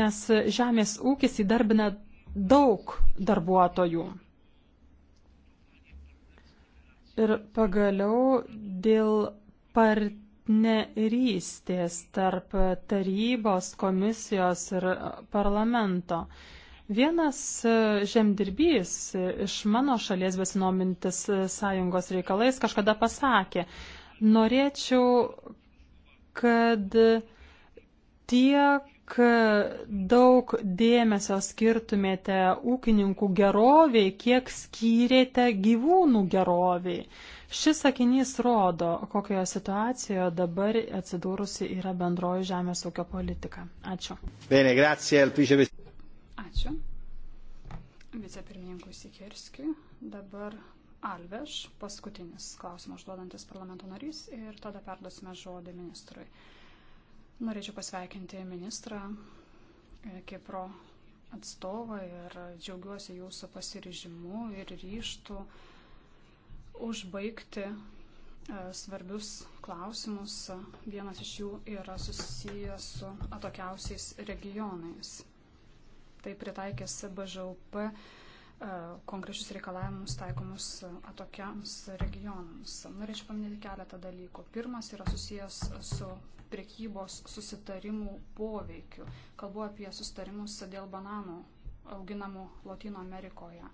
nes žemės ūkis įdarbina daug darbuotojų. Ir pagaliau dėl partnerystės tarp tarybos, komisijos ir parlamento. Vienas e, žemdirbys e, iš mano šalies besinomintis e, sąjungos reikalais kažkada pasakė, norėčiau, kad tiek daug dėmesio skirtumėte ūkininkų geroviai, kiek skyrėte gyvūnų geroviai. Šis sakinys rodo, kokioje situacijoje dabar atsidūrusi yra bendroji žemės ūkio politika. Ačiū. Bene, grazie, Ačiū. Vicepirmininkui Sikirskiui. Dabar Alveš, paskutinis klausimas užduodantis parlamento narys ir tada perduosime žodį ministrui. Norėčiau pasveikinti ministrą e, Kipro atstovą ir džiaugiuosi jūsų pasiryžimu ir ryštu užbaigti e, svarbius klausimus. Vienas iš jų yra susijęs su atokiausiais regionais tai pritaikęs BŽUP e, konkrečius reikalavimus taikomus atokiams regionams. Norėčiau paminėti keletą dalykų. Pirmas yra susijęs su priekybos susitarimų poveikiu. Kalbu apie susitarimus dėl bananų auginamų Latino Amerikoje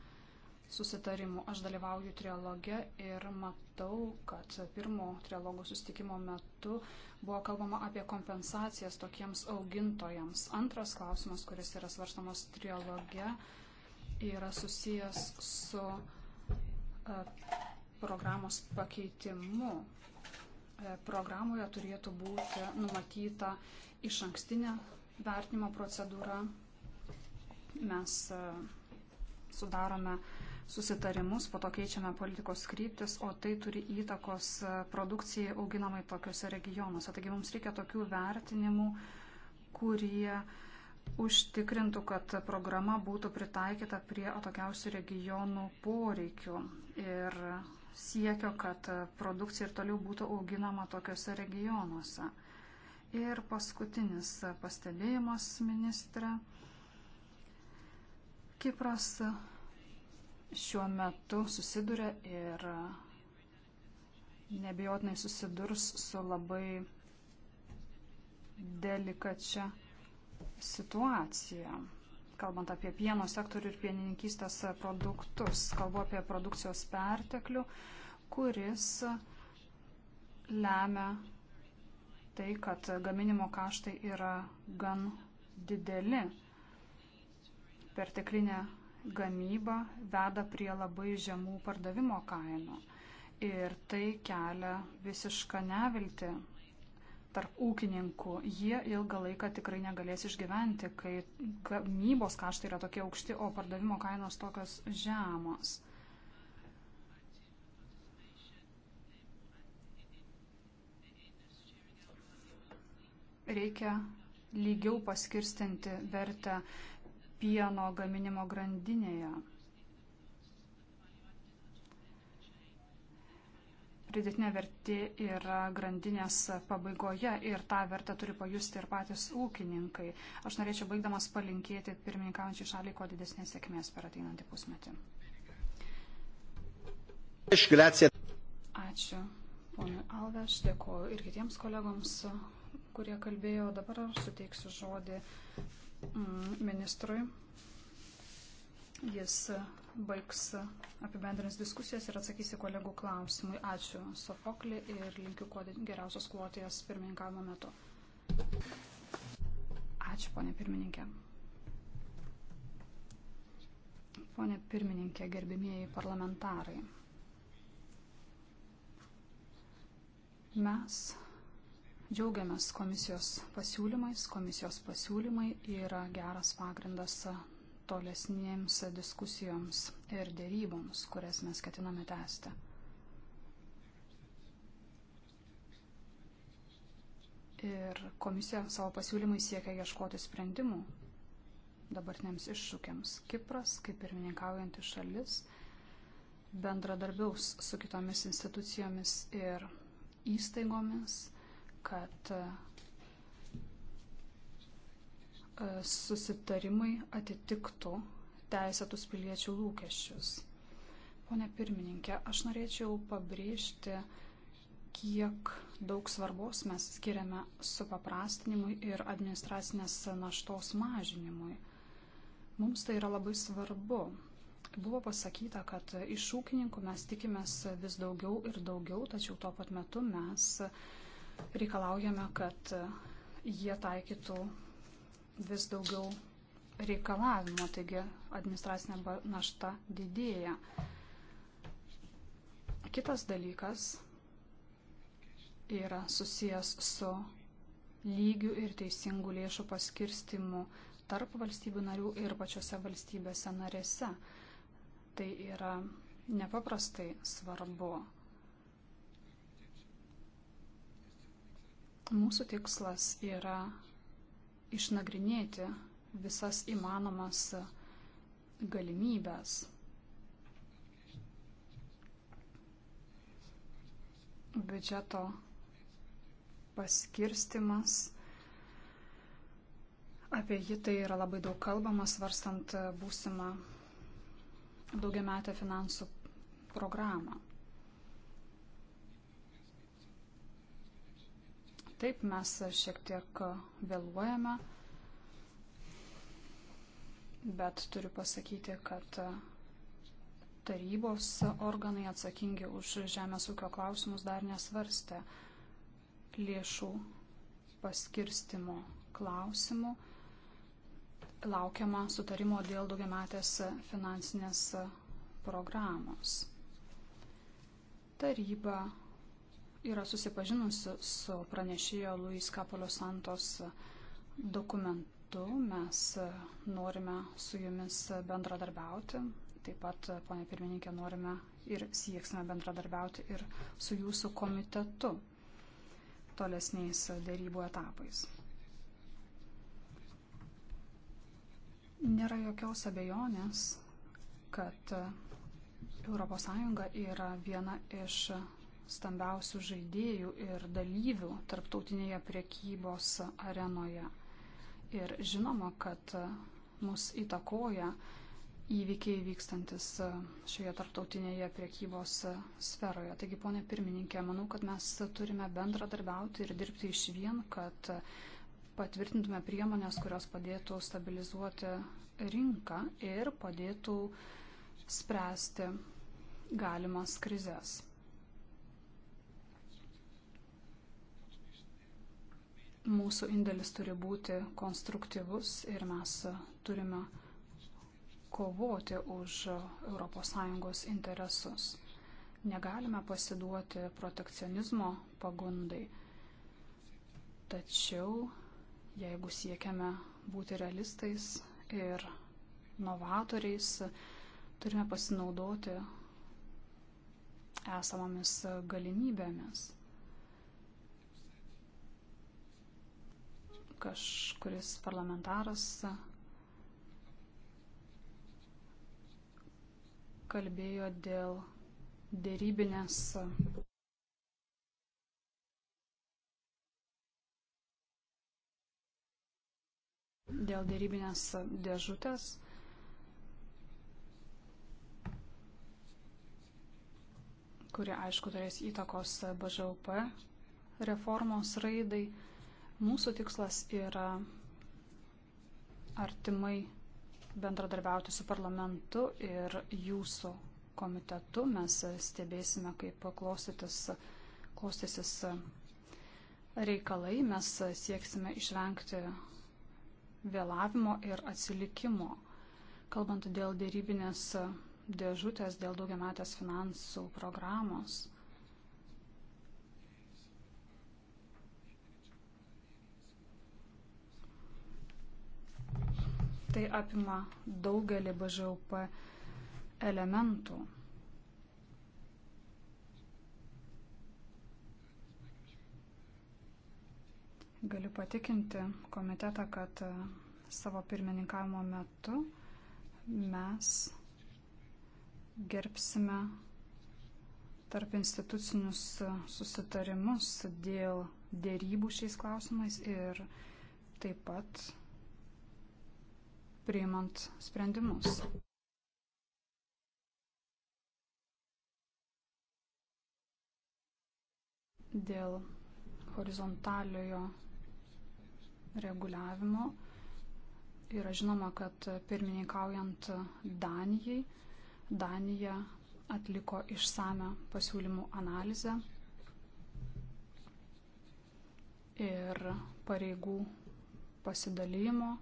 susitarimų. Aš dalyvauju trialoge ir matau, kad pirmo trialogo sustikimo metu buvo kalbama apie kompensacijas tokiems augintojams. Antras klausimas, kuris yra svarstamas trialoge, yra susijęs su e, programos pakeitimu. E, programoje turėtų būti numatyta iš ankstinė vertinimo procedūra. Mes e, sudarome uh, susitarimus, po to keičiame politikos kryptis, o tai turi įtakos e, produkcijai auginamai tokiuose regionuose. Taigi mums reikia tokių vertinimų, kurie užtikrintų, kad programa būtų pritaikyta prie atokiausių regionų poreikių ir siekio, kad produkcija ir toliau būtų auginama tokiuose regionuose. Ir paskutinis pastebėjimas ministrė. Kipras šiuo metu susiduria ir nebijotinai susidurs su labai delikačia situacija. Kalbant apie pieno sektorių ir pienininkystės produktus, kalbu apie produkcijos perteklių, kuris lemia tai, kad gaminimo kaštai yra gan dideli. Perteklinė gamyba veda prie labai žemų pardavimo kainų. Ir tai kelia visišką nevilti tarp ūkininkų. Jie ilgą laiką tikrai negalės išgyventi, kai gamybos kaštai yra tokie aukšti, o pardavimo kainos tokios žemos. Reikia lygiau paskirstinti vertę pieno gaminimo grandinėje. Pridėtinė vertė yra grandinės pabaigoje ir tą vertę turi pajusti ir patys ūkininkai. Aš norėčiau baigdamas palinkėti pirmininkaujančiai šaliai kuo didesnės sėkmės per ateinantį pusmetį. Ačiū ponui Alveš, dėkoju ir kitiems kolegoms, kurie kalbėjo. Dabar suteiksiu žodį Mm, ministrui. Jis baigs apibendrins diskusijas ir atsakys į kolegų klausimui. Ačiū Sofoklį ir linkiu kuo geriausios klotės pirmininkavimo metu. Ačiū, ponė pirmininkė. Pone pirmininkė, gerbimieji parlamentarai. Mes Džiaugiamės komisijos pasiūlymais. Komisijos pasiūlymai yra geras pagrindas tolesnėms diskusijoms ir dėryboms, kurias mes ketiname tęsti. Ir komisija savo pasiūlymai siekia ieškoti sprendimų dabartiniams iššūkiams. Kipras, kaip pirmininkaujantis šalis, bendradarbiaus su kitomis institucijomis ir įstaigomis kad e, susitarimai atitiktų teisėtus piliečių lūkesčius. Pone pirmininkė, aš norėčiau pabrėžti, kiek daug svarbos mes skiriame supaprastinimui ir administracinės naštos mažinimui. Mums tai yra labai svarbu. Buvo pasakyta, kad iš ūkininkų mes tikimės vis daugiau ir daugiau, tačiau tuo pat metu mes uh, reikalaujame, kad jie taikytų vis daugiau reikalavimo, taigi administracinė našta didėja. Kitas dalykas yra susijęs su lygių ir teisingų lėšų paskirstimu tarp valstybių narių ir pačiose valstybėse narėse. Tai yra nepaprastai svarbu. Mūsų tikslas yra išnagrinėti visas įmanomas galimybės. Biudžeto paskirstimas. Apie jį tai yra labai daug kalbama, svarstant būsimą daugiametę finansų programą. Taip, mes šiek tiek vėluojame, bet turiu pasakyti, kad tarybos organai atsakingi už žemės ūkio klausimus dar nesvarstė lėšų paskirstimo klausimų. Laukiama sutarimo dėl daugiametės finansinės programos. Taryba yra susipažinusi su pranešėjo Luis Kapolio Santos dokumentu. Mes norime su jumis bendradarbiauti. Taip pat, ponė pirmininkė, norime ir sieksime bendradarbiauti ir su jūsų komitetu tolesniais dėrybų etapais. Nėra jokios abejonės, kad ES yra viena iš stambiausių žaidėjų ir dalyvių tarptautinėje priekybos arenoje. Ir žinoma, kad mus įtakoja įvykiai vykstantis šioje tarptautinėje priekybos sferoje. Taigi, ponė pirmininkė, manau, kad mes turime bendradarbiauti ir dirbti iš vien, kad patvirtintume priemonės, kurios padėtų stabilizuoti rinką ir padėtų spręsti galimas krizės. mūsų indėlis turi būti konstruktyvus ir mes turime kovoti už ES interesus. Negalime pasiduoti protekcionizmo pagundai. Tačiau, jeigu siekiame būti realistais ir novatoriais, turime pasinaudoti esamomis galimybėmis. kažkuris parlamentaras kalbėjo dėl dėrybinės dėl dėrybinės dėžutės. kuri aišku turės įtakos BŽUP reformos raidai. Mūsų tikslas yra artimai bendradarbiauti su parlamentu ir jūsų komitetu. Mes stebėsime, kaip klostytis, klostysis reikalai. Mes sieksime išvengti vėlavimo ir atsilikimo. Kalbant dėl dėrybinės dėžutės, dėl daugiametės finansų programos. Tai apima daugelį BŽUP elementų. Galiu patikinti komitetą, kad e, savo pirmininkavimo metu mes gerbsime tarp institucinius e, susitarimus dėl dėrybų šiais klausimais ir taip pat priimant sprendimus. Dėl horizontaliojo reguliavimo yra žinoma, kad pirmininkaujant Danijai, Danija atliko išsame pasiūlymų analizę ir pareigų pasidalymo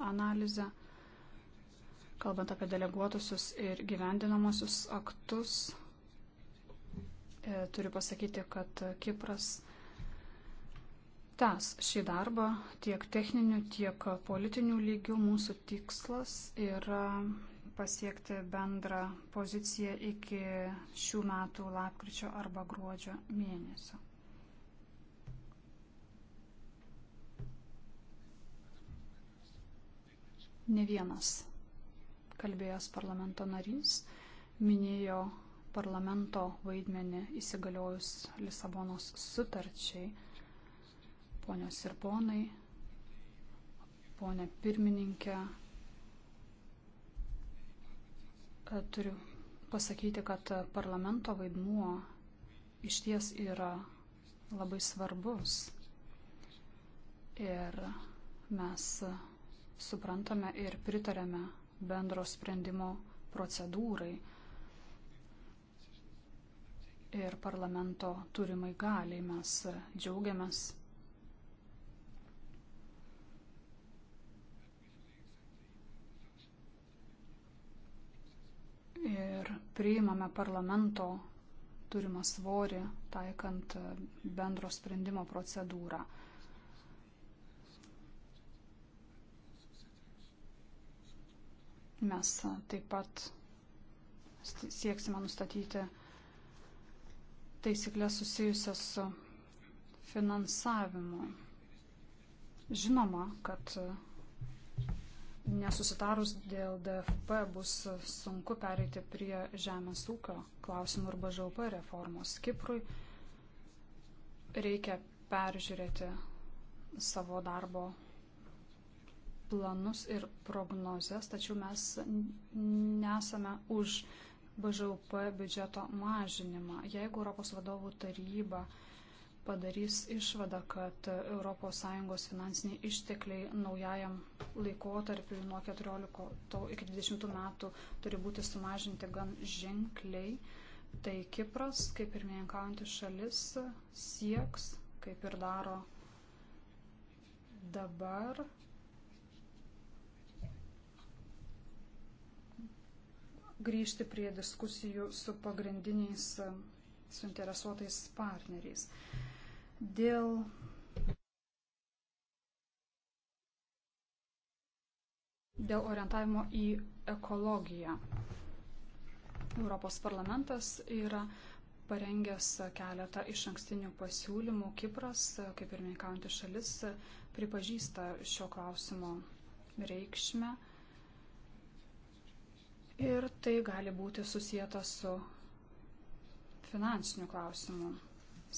analizę, kalbant apie deleguotusius ir gyvendinamosius aktus. E, turiu pasakyti, kad Kipras tęs šį darbą tiek techniniu, tiek politiniu lygiu. Mūsų tikslas yra pasiekti bendrą poziciją iki šių metų lapkričio arba gruodžio mėnesio. Ne vienas kalbėjęs parlamento narys minėjo parlamento vaidmenį įsigaliojus Lisabonos sutarčiai. Ponios ir ponai, ponė pirmininkė, turiu pasakyti, kad parlamento vaidmuo iš ties yra labai svarbus. Ir mes suprantame ir pritarėme bendro sprendimo procedūrai ir parlamento turimai galiai. Mes džiaugiamės ir priimame parlamento turimą svorį taikant bendro sprendimo procedūrą. Mes taip pat sieksime nustatyti taisyklės susijusias su finansavimu. Žinoma, kad nesusitarus dėl DFP bus sunku pereiti prie žemės ūkio klausimų ir BŽP reformos. Kiprui reikia peržiūrėti savo darbo planus ir prognozes, tačiau mes nesame už BŽUP biudžeto mažinimą. Jeigu Europos vadovų taryba padarys išvadą, kad ES finansiniai ištekliai naujajam laikotarpiu nuo 14 iki 20 metų turi būti sumažinti gan ženkliai, tai Kipras, kaip ir mėnkaujantis šalis, sieks, kaip ir daro dabar, grįžti prie diskusijų su pagrindiniais e, suinteresuotais partneriais. Dėl Dėl orientavimo į ekologiją. Europos parlamentas yra parengęs keletą iš ankstinių pasiūlymų. Kipras, e, kaip ir minkaujantį šalis, e, pripažįsta šio klausimo reikšmę. Ir tai gali būti susijęta su finansinių klausimų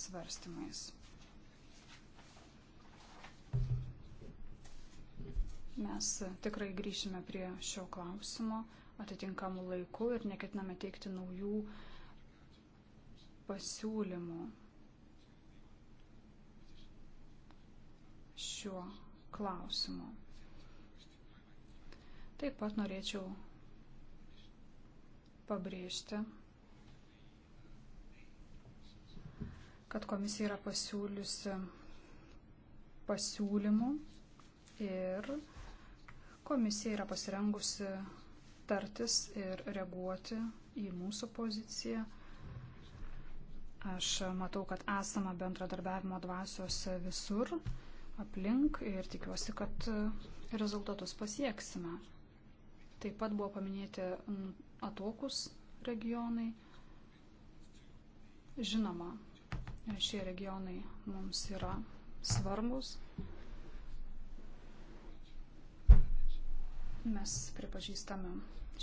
svarstymais. Mes tikrai grįšime prie šio klausimo atitinkamų laikų ir neketiname teikti naujų pasiūlymų šiuo klausimu. Taip pat norėčiau pabrėžti, kad komisija yra pasiūliusi pasiūlymų ir komisija yra pasirengusi tartis ir reaguoti į mūsų poziciją. Aš matau, kad esama bendradarbiavimo dvasios visur aplink ir tikiuosi, kad rezultatus pasieksime. Taip pat buvo paminėti atokus regionai. Žinoma, šie regionai mums yra svarbus. Mes pripažįstame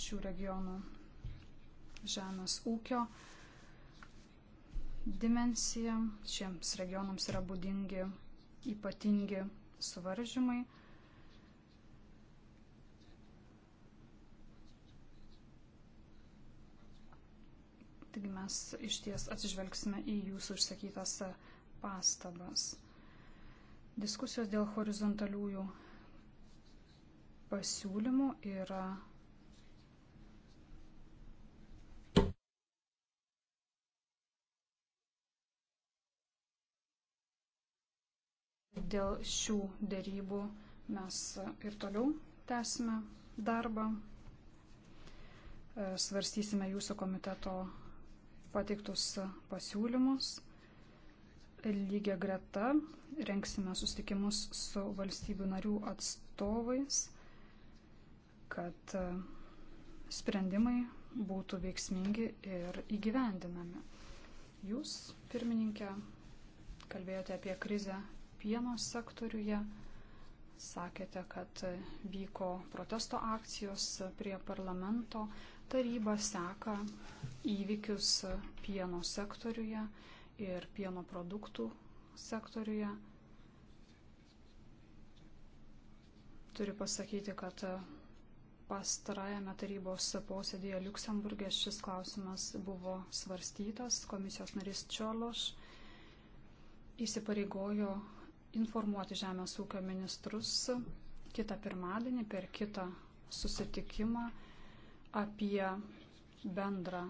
šių regionų žemės ūkio dimensiją. Šiems regionams yra būdingi ypatingi suvaržymai. Taigi mes iš ties atsižvelgsime į jūsų išsakytas pastabas. Diskusijos dėl horizontaliųjų pasiūlymų yra dėl šių dėrybų mes ir toliau tęsime darbą, svarstysime jūsų komiteto pateiktus pasiūlymus. Lygia greta renksime sustikimus su valstybių narių atstovais, kad e, sprendimai būtų veiksmingi ir įgyvendinami. Jūs, pirmininkė, kalbėjote apie krizę pieno sektoriuje, sakėte, kad e, vyko protesto akcijos prie parlamento, Taryba seka įvykius pieno sektoriuje ir pieno produktų sektoriuje. Turiu pasakyti, kad pastarajame tarybos posėdėje Luksemburgė šis klausimas buvo svarstytas. Komisijos narys Čiološ įsipareigojo informuoti Žemės ūkio ministrus kitą pirmadienį per kitą susitikimą apie bendrą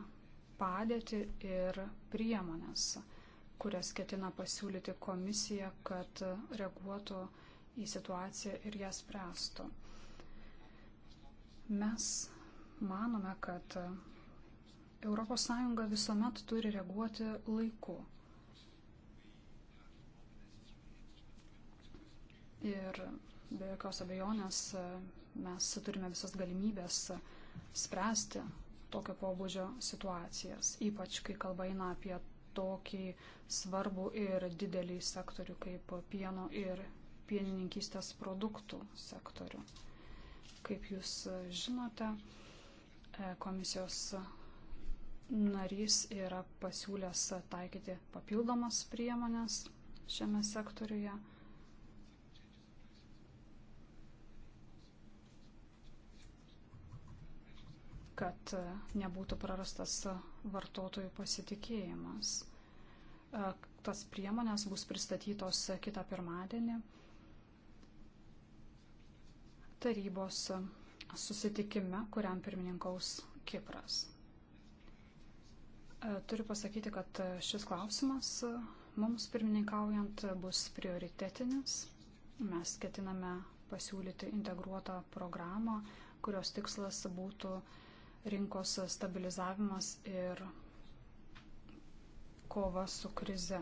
padėtį ir priemonės, kurias ketina pasiūlyti komisija, kad reaguotų į situaciją ir ją spręstų. Mes manome, kad ES visuomet turi reaguoti laiku. Ir be jokios abejonės mes turime visas galimybės spręsti tokio pobūdžio situacijas, ypač kai kalba eina apie tokį svarbų ir didelį sektorių kaip pieno ir pienininkystės produktų sektorių. Kaip jūs žinote, e, komisijos narys yra pasiūlęs taikyti papildomas priemonės šiame sektoriuje. kad e, nebūtų prarastas vartotojų pasitikėjimas. E, tas priemonės bus pristatytos e, kitą pirmadienį tarybos susitikime, kuriam pirmininkaus Kipras. Turiu pasakyti, kad šis klausimas mums pirmininkaujant bus prioritetinis. Mes ketiname pasiūlyti integruotą programą, kurios tikslas būtų uh, rinkos stabilizavimas ir kova su krize.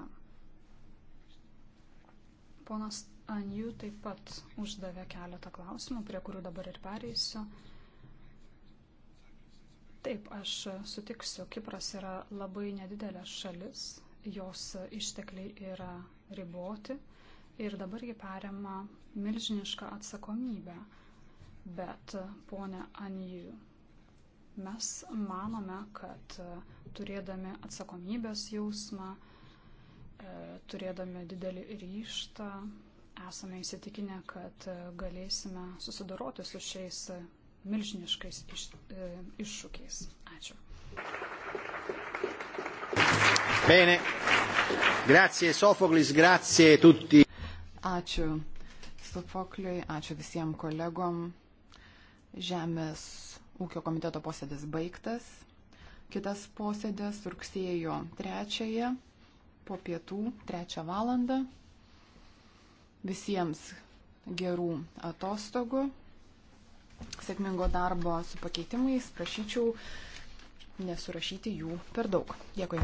Ponas Anjų taip pat uždavė keletą klausimų, prie kurių dabar ir pereisiu. Taip, aš sutiksiu, Kipras yra labai nedidelė šalis, jos ištekliai yra riboti ir dabar jį perima milžinišką atsakomybę. Bet, ponė Anijų, Mes manome, kad e, turėdami atsakomybės jausmą, e, turėdami didelį ryštą, esame įsitikinę, kad e, galėsime susidoroti su šiais milžiniškais iš, iššūkiais. Ačiū. Bene. Grazie Sofoklis, grazie tutti. Ačiū Sofokliui, ačiū visiems kolegom. Žemės Ūkio komiteto posėdis baigtas. Kitas posėdis rugsėjo 3 po pietų 3 valandą. Visiems gerų atostogų, sėkmingo darbo su pakeitimais. Prašyčiau nesurašyti jų per daug. Dėkui.